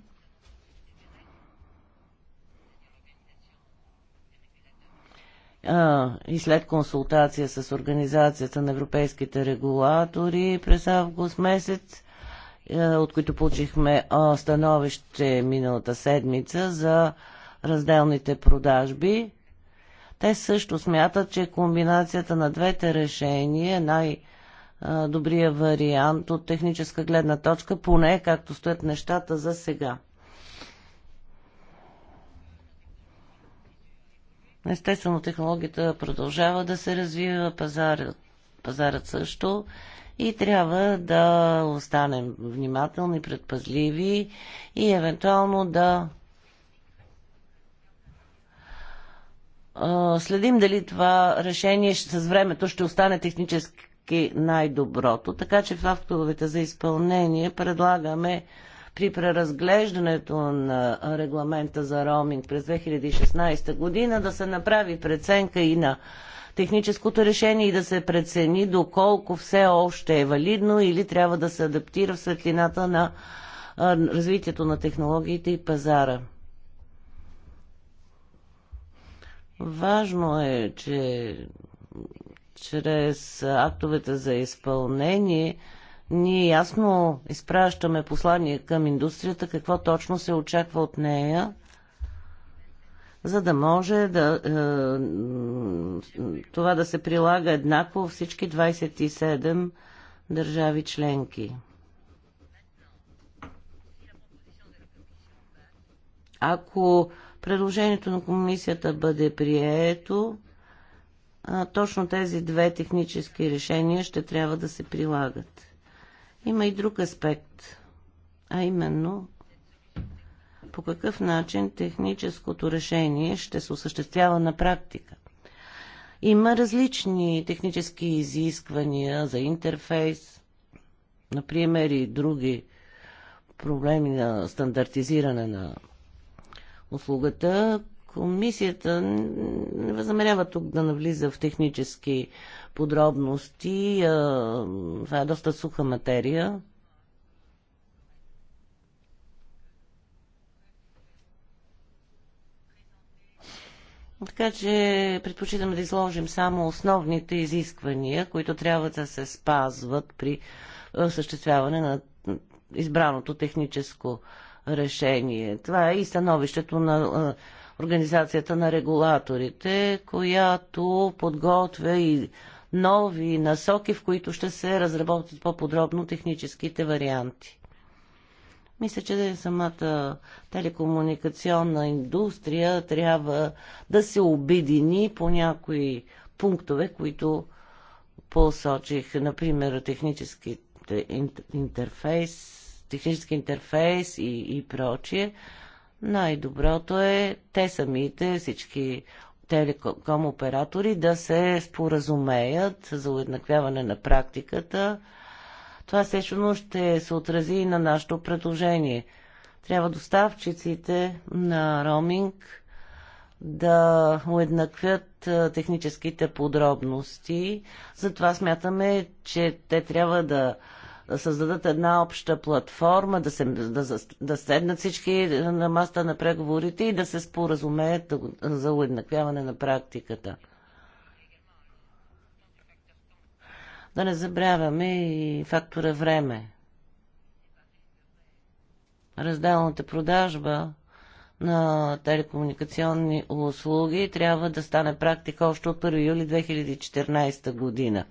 и след консултация с Организацията на европейските регулатори през август месец, е, от които получихме становище миналата седмица за разделните продажби. Те също смятат, че комбинацията на двете решения е най- добрия вариант от техническа гледна точка, поне както стоят нещата за сега. Естествено, технологията продължава да се развива, пазарът, пазарът също и трябва да останем внимателни, предпазливи и евентуално да следим дали това решение с времето ще остане технически най-доброто. Така че в актовете за изпълнение предлагаме при преразглеждането на регламента за роуминг през 2016 година да се направи преценка и на техническото решение и да се прецени доколко все още е валидно или трябва да се адаптира в светлината на развитието на технологиите и пазара. Важно е, че чрез актовете за изпълнение ние ясно изпращаме послание към индустрията, какво точно се очаква от нея, за да може да, е, това да се прилага еднакво всички 27 държави членки. Ако предложението на комисията бъде прието, точно тези две технически решения ще трябва да се прилагат. Има и друг аспект, а именно по какъв начин техническото решение ще се осъществява на практика. Има различни технически изисквания за интерфейс, например и други проблеми на стандартизиране на услугата, Комисията не възнамерява тук да навлиза в технически подробности. Това е доста суха материя. Така че предпочитам да изложим само основните изисквания, които трябва да се спазват при осъществяване на избраното техническо решение. Това е и становището на Организацията на регулаторите, която подготвя и нови насоки, в които ще се разработят по-подробно техническите варианти. Мисля, че самата телекомуникационна индустрия трябва да се обедини по някои пунктове, които посочих. Например, технически интерфейс, технически интерфейс и, и прочие най-доброто е те самите, всички телеком оператори да се споразумеят за уеднаквяване на практиката. Това всъщност ще се отрази и на нашето предложение. Трябва доставчиците на роуминг да уеднаквят техническите подробности. Затова смятаме, че те трябва да да създадат една обща платформа, да, се, да, да седнат всички на маста на преговорите и да се споразумеят за уеднаквяване на практиката. Да не забравяме и фактора време. Разделната продажба на телекомуникационни услуги трябва да стане практика още от 1 юли 2014 година.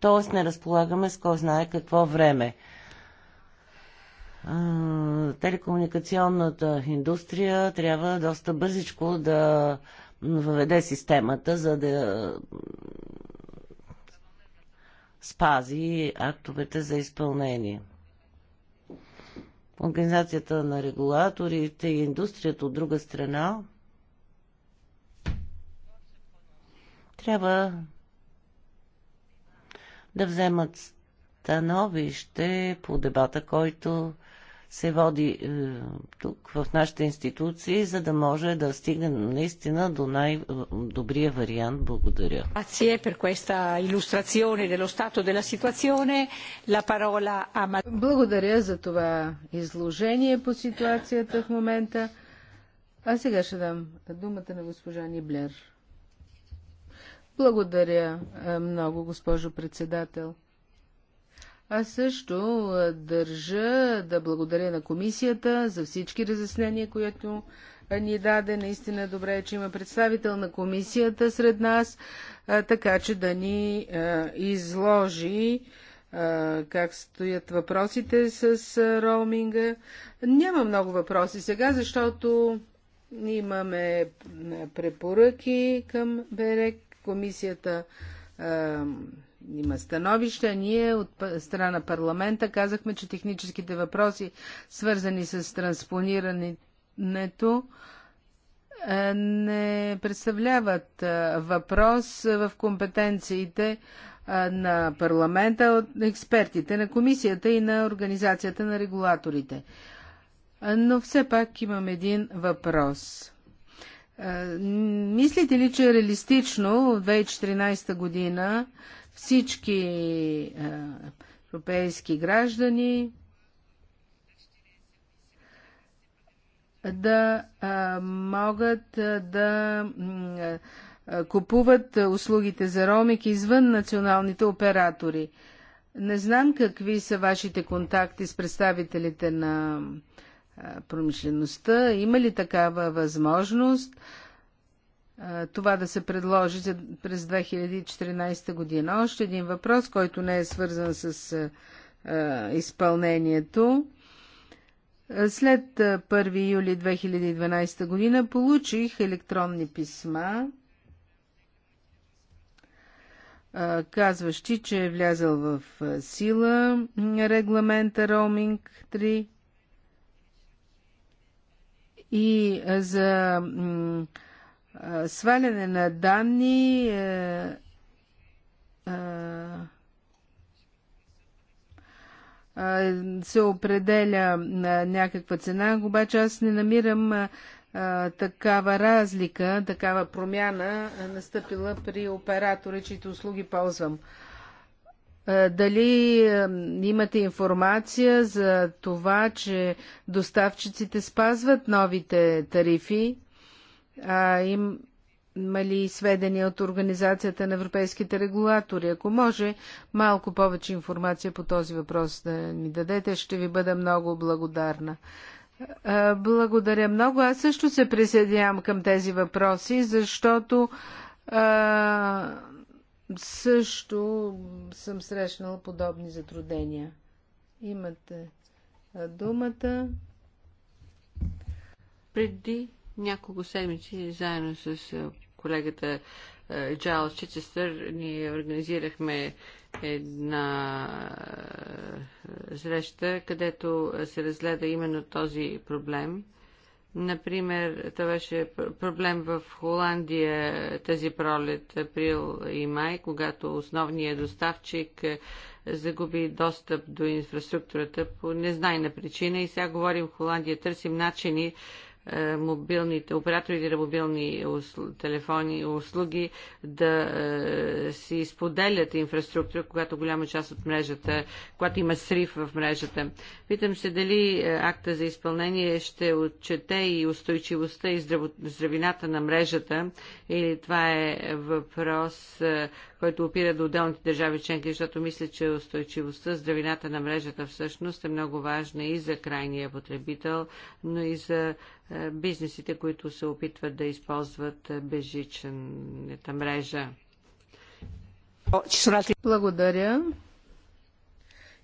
Т.е. не разполагаме с кой знае какво време. Телекомуникационната индустрия трябва доста бързичко да въведе системата, за да спази актовете за изпълнение. Организацията на регулаторите и индустрията от друга страна трябва да вземат становище по дебата, който се води е, тук в нашите институции, за да може да стигне наистина до най-добрия вариант. Благодаря. Благодаря за това изложение по ситуацията в момента. А сега ще дам думата на госпожа Ниблер. Благодаря е, много, госпожо председател. Аз също е, държа да благодаря на комисията за всички разяснения, които е, ни даде. Наистина добре е, че има представител на комисията сред нас, така че да ни изложи как стоят въпросите с роуминга. Няма много въпроси сега, защото имаме препоръки към Берек комисията а, има становища. Ние от страна парламента казахме, че техническите въпроси, свързани с транспонирането, не представляват въпрос в компетенциите на парламента, от експертите на комисията и на организацията на регулаторите. Но все пак имам един въпрос. Е, мислите ли, че е реалистично в 2014 година всички е, европейски граждани да могат да купуват услугите за ромик извън националните оператори? Не знам какви са вашите контакти с представителите на промишлеността. Има ли такава възможност това да се предложи през 2014 година? Още един въпрос, който не е свързан с изпълнението. След 1 юли 2012 година получих електронни писма, казващи, че е влязъл в сила регламента Роуминг 3 и е, за е, сваляне на данни е, се определя някаква цена, обаче аз не намирам такава разлика, такава промяна настъпила при оператори, чието услуги ползвам. Е, дали е, имате информация за това, че доставчиците спазват новите тарифи? А им, има ли сведения от Организацията на европейските регулатори? Ако може, малко повече информация по този въпрос да ни дадете, ще ви бъда много благодарна. Е, благодаря много. Аз също се присъединявам към тези въпроси, защото също съм срещнал подобни затруднения. Имате думата. Преди няколко седмици, заедно с колегата Джайлс Чичестър, ние организирахме една среща, където се разгледа именно този проблем Например, това беше проблем в Холандия тази пролет, април и май, когато основният доставчик е, загуби достъп до инфраструктурата по незнайна причина. И сега говорим в Холандия, търсим начини е, мобилните оператори на мобилни телефони телефони услуги да е, си споделят инфраструктура, когато голяма част от мрежата, когато има срив в мрежата. Питам се дали е, акта за изпълнение ще отчете и устойчивостта и здравината на мрежата или това е въпрос, който опира до отделните държави членки, защото мисля, че устойчивостта, здравината на мрежата всъщност е много важна и за крайния потребител, но и за е, бизнесите, които се опитват да използват е, бежичната мрежа. Благодаря.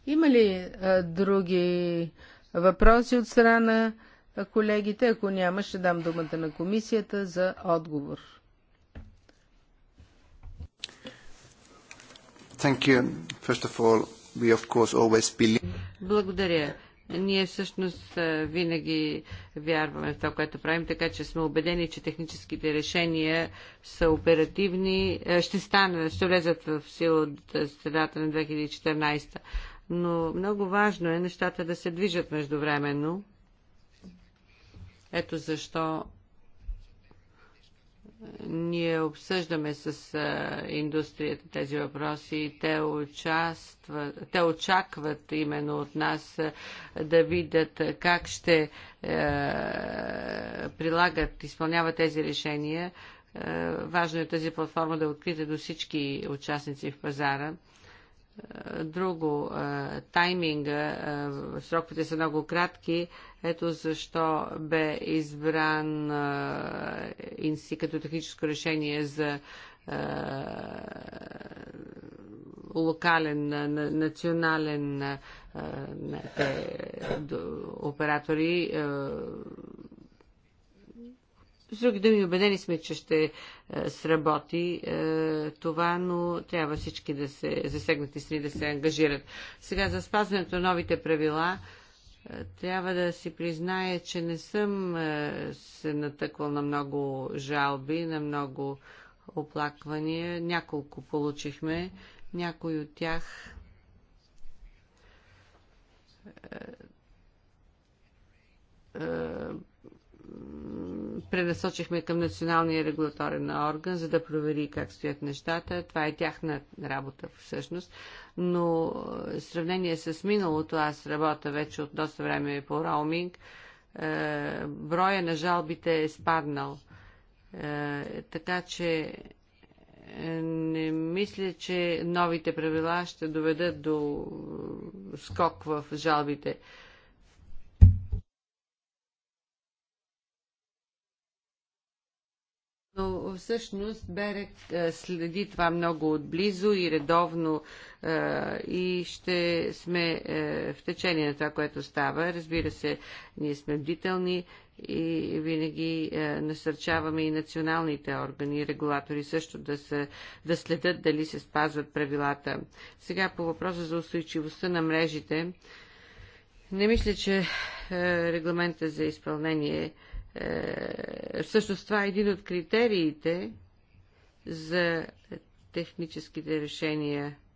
Има ли а, е, други въпроси от страна колегите? Ако няма, ще дам думата на комисията за отговор. Thank you. First of all, we of course always believe... Благодаря. Ние всъщност винаги вярваме в това, което правим, така че сме убедени, че техническите решения са оперативни. Ще станат, ще влезат в сила от средата на 2014. Но много важно е нещата да се движат междувременно. Ето защо ние обсъждаме с индустрията тези въпроси и те, участват, те очакват именно от нас да видят как ще прилагат, изпълняват тези решения. Важно е тази платформа да е открита до всички участници в пазара друго, тайминга, сроковете са много кратки, ето защо бе избран инси като техническо решение за локален, национален оператори с други думи, убедени сме, че ще е, сработи е, това, но трябва всички да се засегнати страни да се ангажират. Сега за спазването на новите правила е, трябва да си призная, че не съм е, се натъквал на много жалби, на много оплаквания. Няколко получихме. Някои от тях е, е, пренасочихме към националния регулаторен орган, за да провери как стоят нещата. Това е тяхна работа всъщност. Но е, в сравнение с миналото, аз работя вече от доста време по роуминг, е, броя на жалбите е спаднал. Е, така че не мисля, че новите правила ще доведат до скок в жалбите. Но всъщност Берек е, следи това много отблизо и редовно е, и ще сме е, в течение на това, което става. Разбира се, ние сме бдителни и винаги насърчаваме и националните органи и регулатори също да, се, да следят дали се спазват правилата. Сега по въпроса за устойчивостта на мрежите. Не мисля, че регламента за изпълнение е е, всъщност това е един от критериите за техническите решения –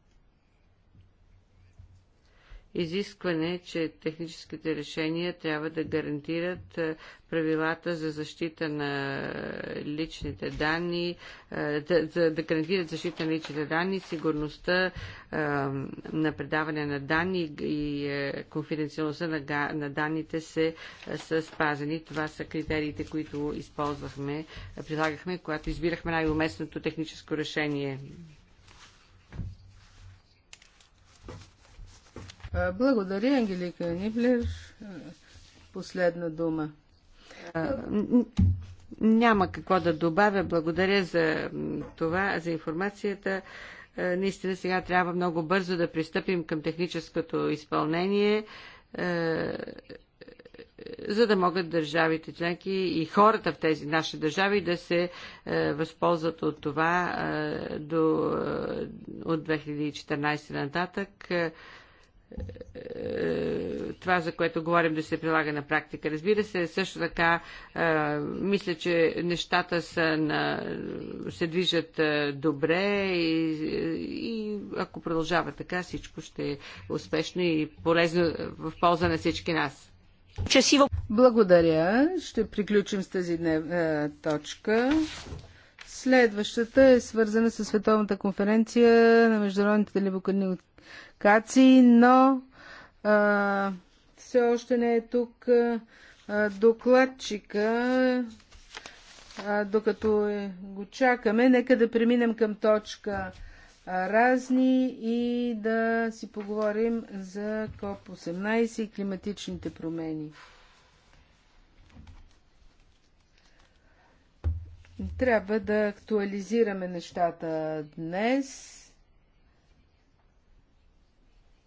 изискване, че техническите решения трябва да гарантират правилата за защита на личните данни, да, да, да гарантират защита на личните данни, сигурността на предаване на данни и е, конфиденциалността на, на данните се, са спазени. Това са критериите, които използвахме, прилагахме, когато избирахме най-уместното техническо решение. Благодаря, Ангелика Ниблер. Последна дума. Няма какво да добавя. Благодаря за това, за информацията. Наистина сега трябва много бързо да пристъпим към техническото изпълнение за да могат държавите членки и хората в тези наши държави да се възползват от това до, от 2014 нататък. Е, това, за което говорим, да се прилага на практика. Разбира се, също така е, мисля, че нещата са на, се движат е, добре и, и ако продължава така, всичко ще е успешно и полезно в полза на всички нас. Часиво. Благодаря. Ще приключим с тази днев, точка. Следващата е свързана с Световната конференция на международните телевокални квалификации, но а, все още не е тук а, докладчика. А, докато го чакаме, нека да преминем към точка а, разни и да си поговорим за КОП-18 и климатичните промени. Трябва да актуализираме нещата днес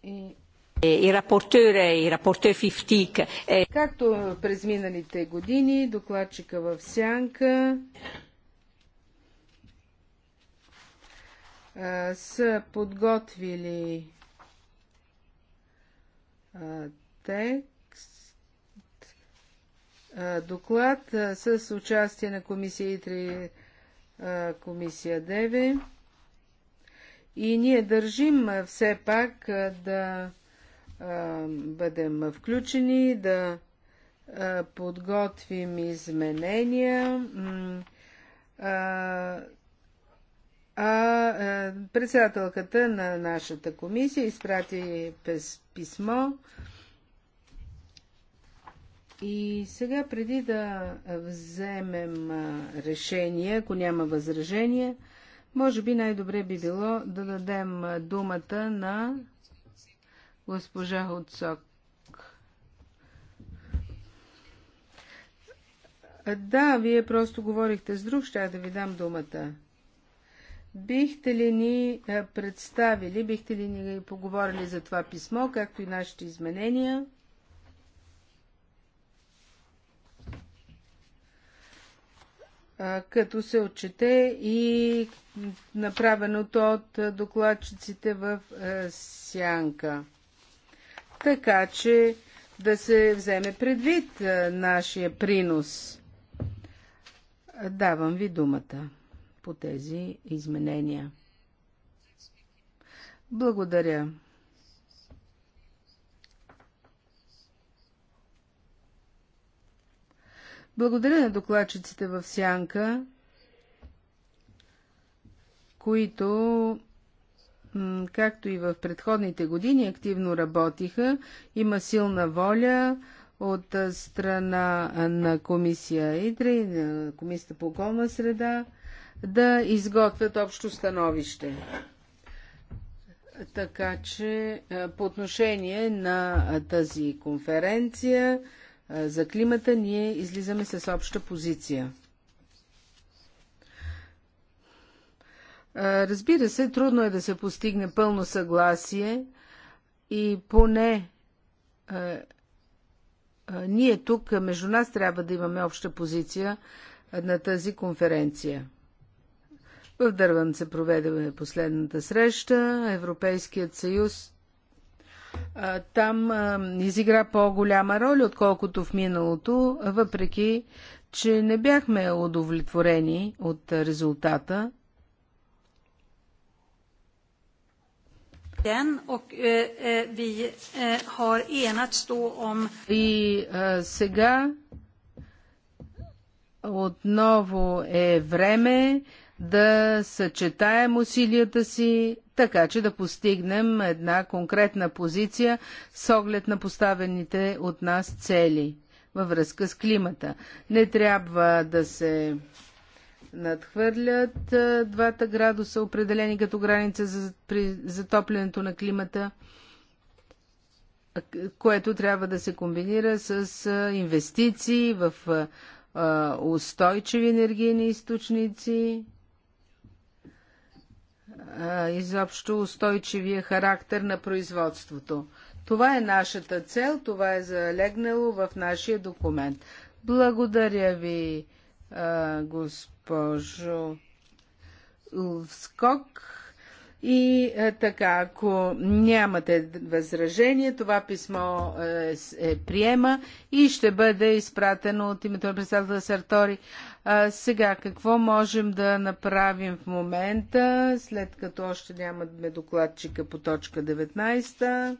и и рапортера, и рапортер Фифтик. Е... Както през миналите години, докладчика в сянка а, са подготвили а, текст, а, доклад с участие на комисия ИТРИ, комисия 9. И ние държим все пак да бъдем включени, да подготвим изменения. А председателката на нашата комисия изпрати писмо. И сега, преди да вземем решение, ако няма възражение, може би най-добре би било да дадем думата на госпожа Хуцок. Да, вие просто говорихте с друг, ще да ви дам думата. Бихте ли ни представили, бихте ли ни поговорили за това писмо, както и нашите изменения? като се отчете и направеното от докладчиците в сянка. Така че да се вземе предвид нашия принос. Давам ви думата по тези изменения. Благодаря. Благодаря на докладчиците в Сянка, които, както и в предходните години, активно работиха. Има силна воля от страна на комисия ИДРИ, на комисията по околна среда, да изготвят общо становище. Така че по отношение на тази конференция за климата, ние излизаме с обща позиция. Разбира се, трудно е да се постигне пълно съгласие и поне ние тук между нас трябва да имаме обща позиция на тази конференция. В Дърван се проведе последната среща. Европейският съюз там изигра по-голяма роля, отколкото в миналото, въпреки че не бяхме удовлетворени от резултата. Е, е, е, И сега отново е време да съчетаем усилията си, така че да постигнем една конкретна позиция с оглед на поставените от нас цели във връзка с климата. Не трябва да се надхвърлят двата градуса, определени като граница за, при затоплянето на климата, което трябва да се комбинира с инвестиции в устойчиви енергийни източници, изобщо устойчивия характер на производството. Това е нашата цел, това е залегнало в нашия документ. Благодаря ви, госпожо Улскок. И е, така, ако нямате възражение, това писмо е, е, приема и ще бъде изпратено от името на председателя Сартори. А, сега, какво можем да направим в момента, след като още нямаме докладчика по точка 19?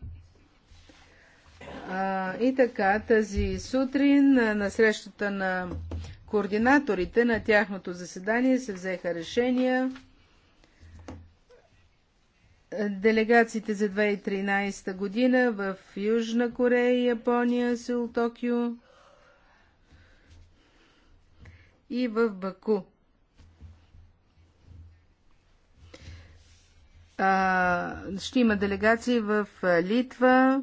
А, и така, тази сутрин е, на срещата на координаторите на тяхното заседание се взеха решения Делегациите за 2013 година в Южна Корея, Япония, Сеул, Токио и в Баку. А, ще има делегации в Литва,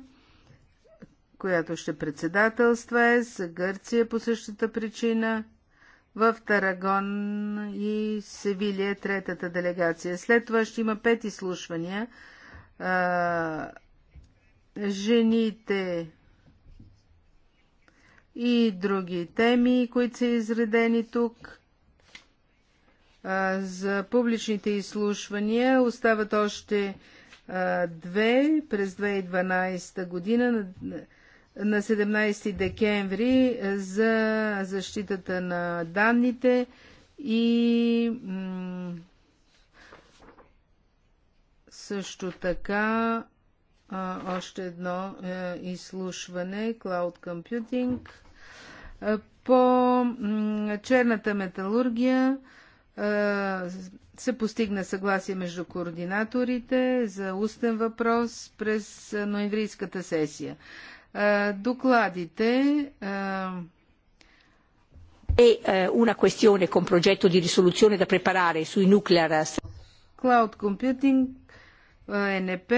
която ще председателства е, с Гърция по същата причина – в Тарагон и Севилия, третата делегация. След това ще има пет изслушвания. жените и други теми, които са изредени тук. за публичните изслушвания остават още две през 2012 година на 17 декември за защитата на данните и също така а, още едно а, е, изслушване Cloud Computing а, по черната металургия се постигна съгласие между координаторите за устен въпрос през ноемврийската сесия докладите e eh, una questione con progetto di risoluzione da preparare sui nuclear cloud computing НП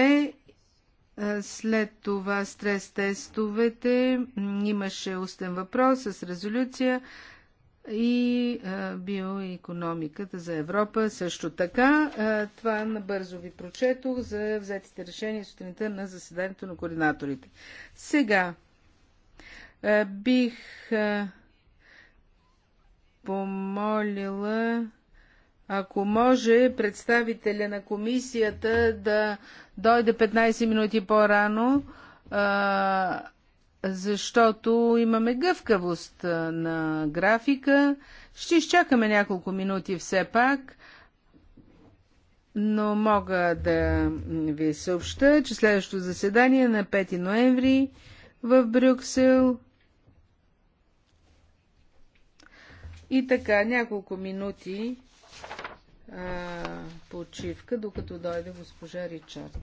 след това стрес тестовете имаше устен въпрос с резолюция и биоекономиката за Европа също така. Това набързо ви прочетох за взетите решения сутринта на заседанието на координаторите. Сега бих помолила, ако може, представителя на комисията да дойде 15 минути по-рано защото имаме гъвкавост на графика. Ще изчакаме няколко минути все пак, но мога да ви съобща, че следващото заседание на 5 ноември в Брюксел. И така, няколко минути а, почивка, докато дойде госпожа Ричард.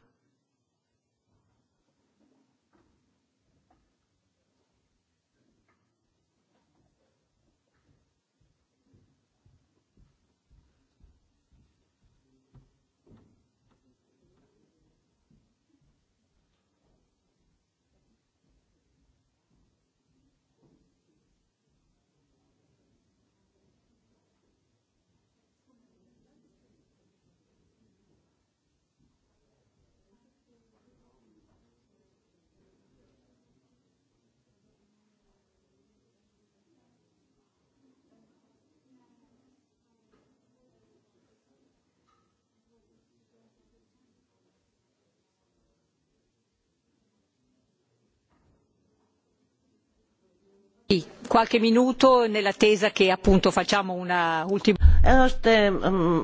qualche minuto nell'attesa che appunto facciamo una ultima... Е, още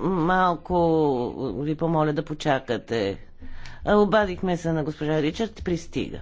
малко ви помоля да почакате. Е, обадихме се на госпожа Ричард, пристига.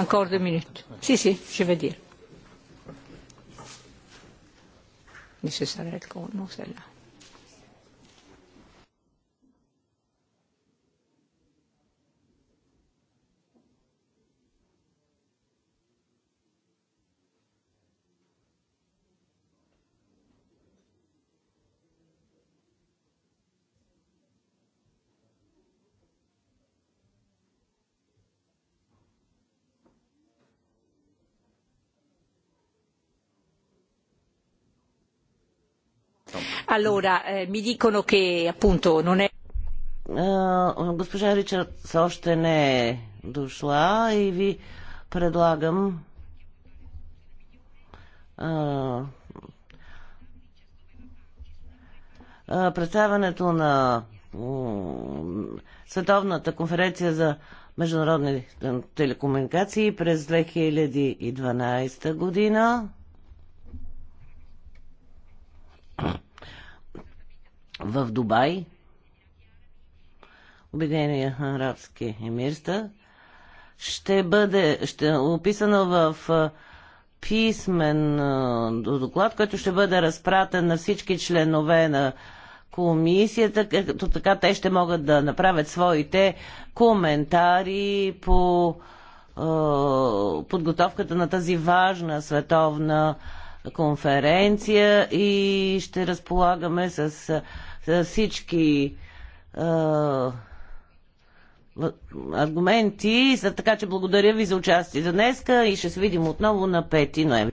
Encore deux minutes. Si, si, je vais dire. Monsieur Sarel, non, celle-là. Allora, eh, mi dicono che appunto non è... Е, госпожа Ричардс още не е дошла и ви предлагам е, е, представянето на Световната конференция за международни телекомуникации през 2012 година в Дубай, Обединения арабски емирства, ще бъде ще е описано в писмен доклад, който ще бъде разпратен на всички членове на комисията, като така те ще могат да направят своите коментари по е, подготовката на тази важна световна конференция и ще разполагаме с всички аргументи, така че благодаря ви за участие за днеска и ще се видим отново на 5 ноември.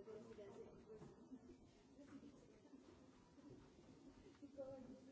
Thank you.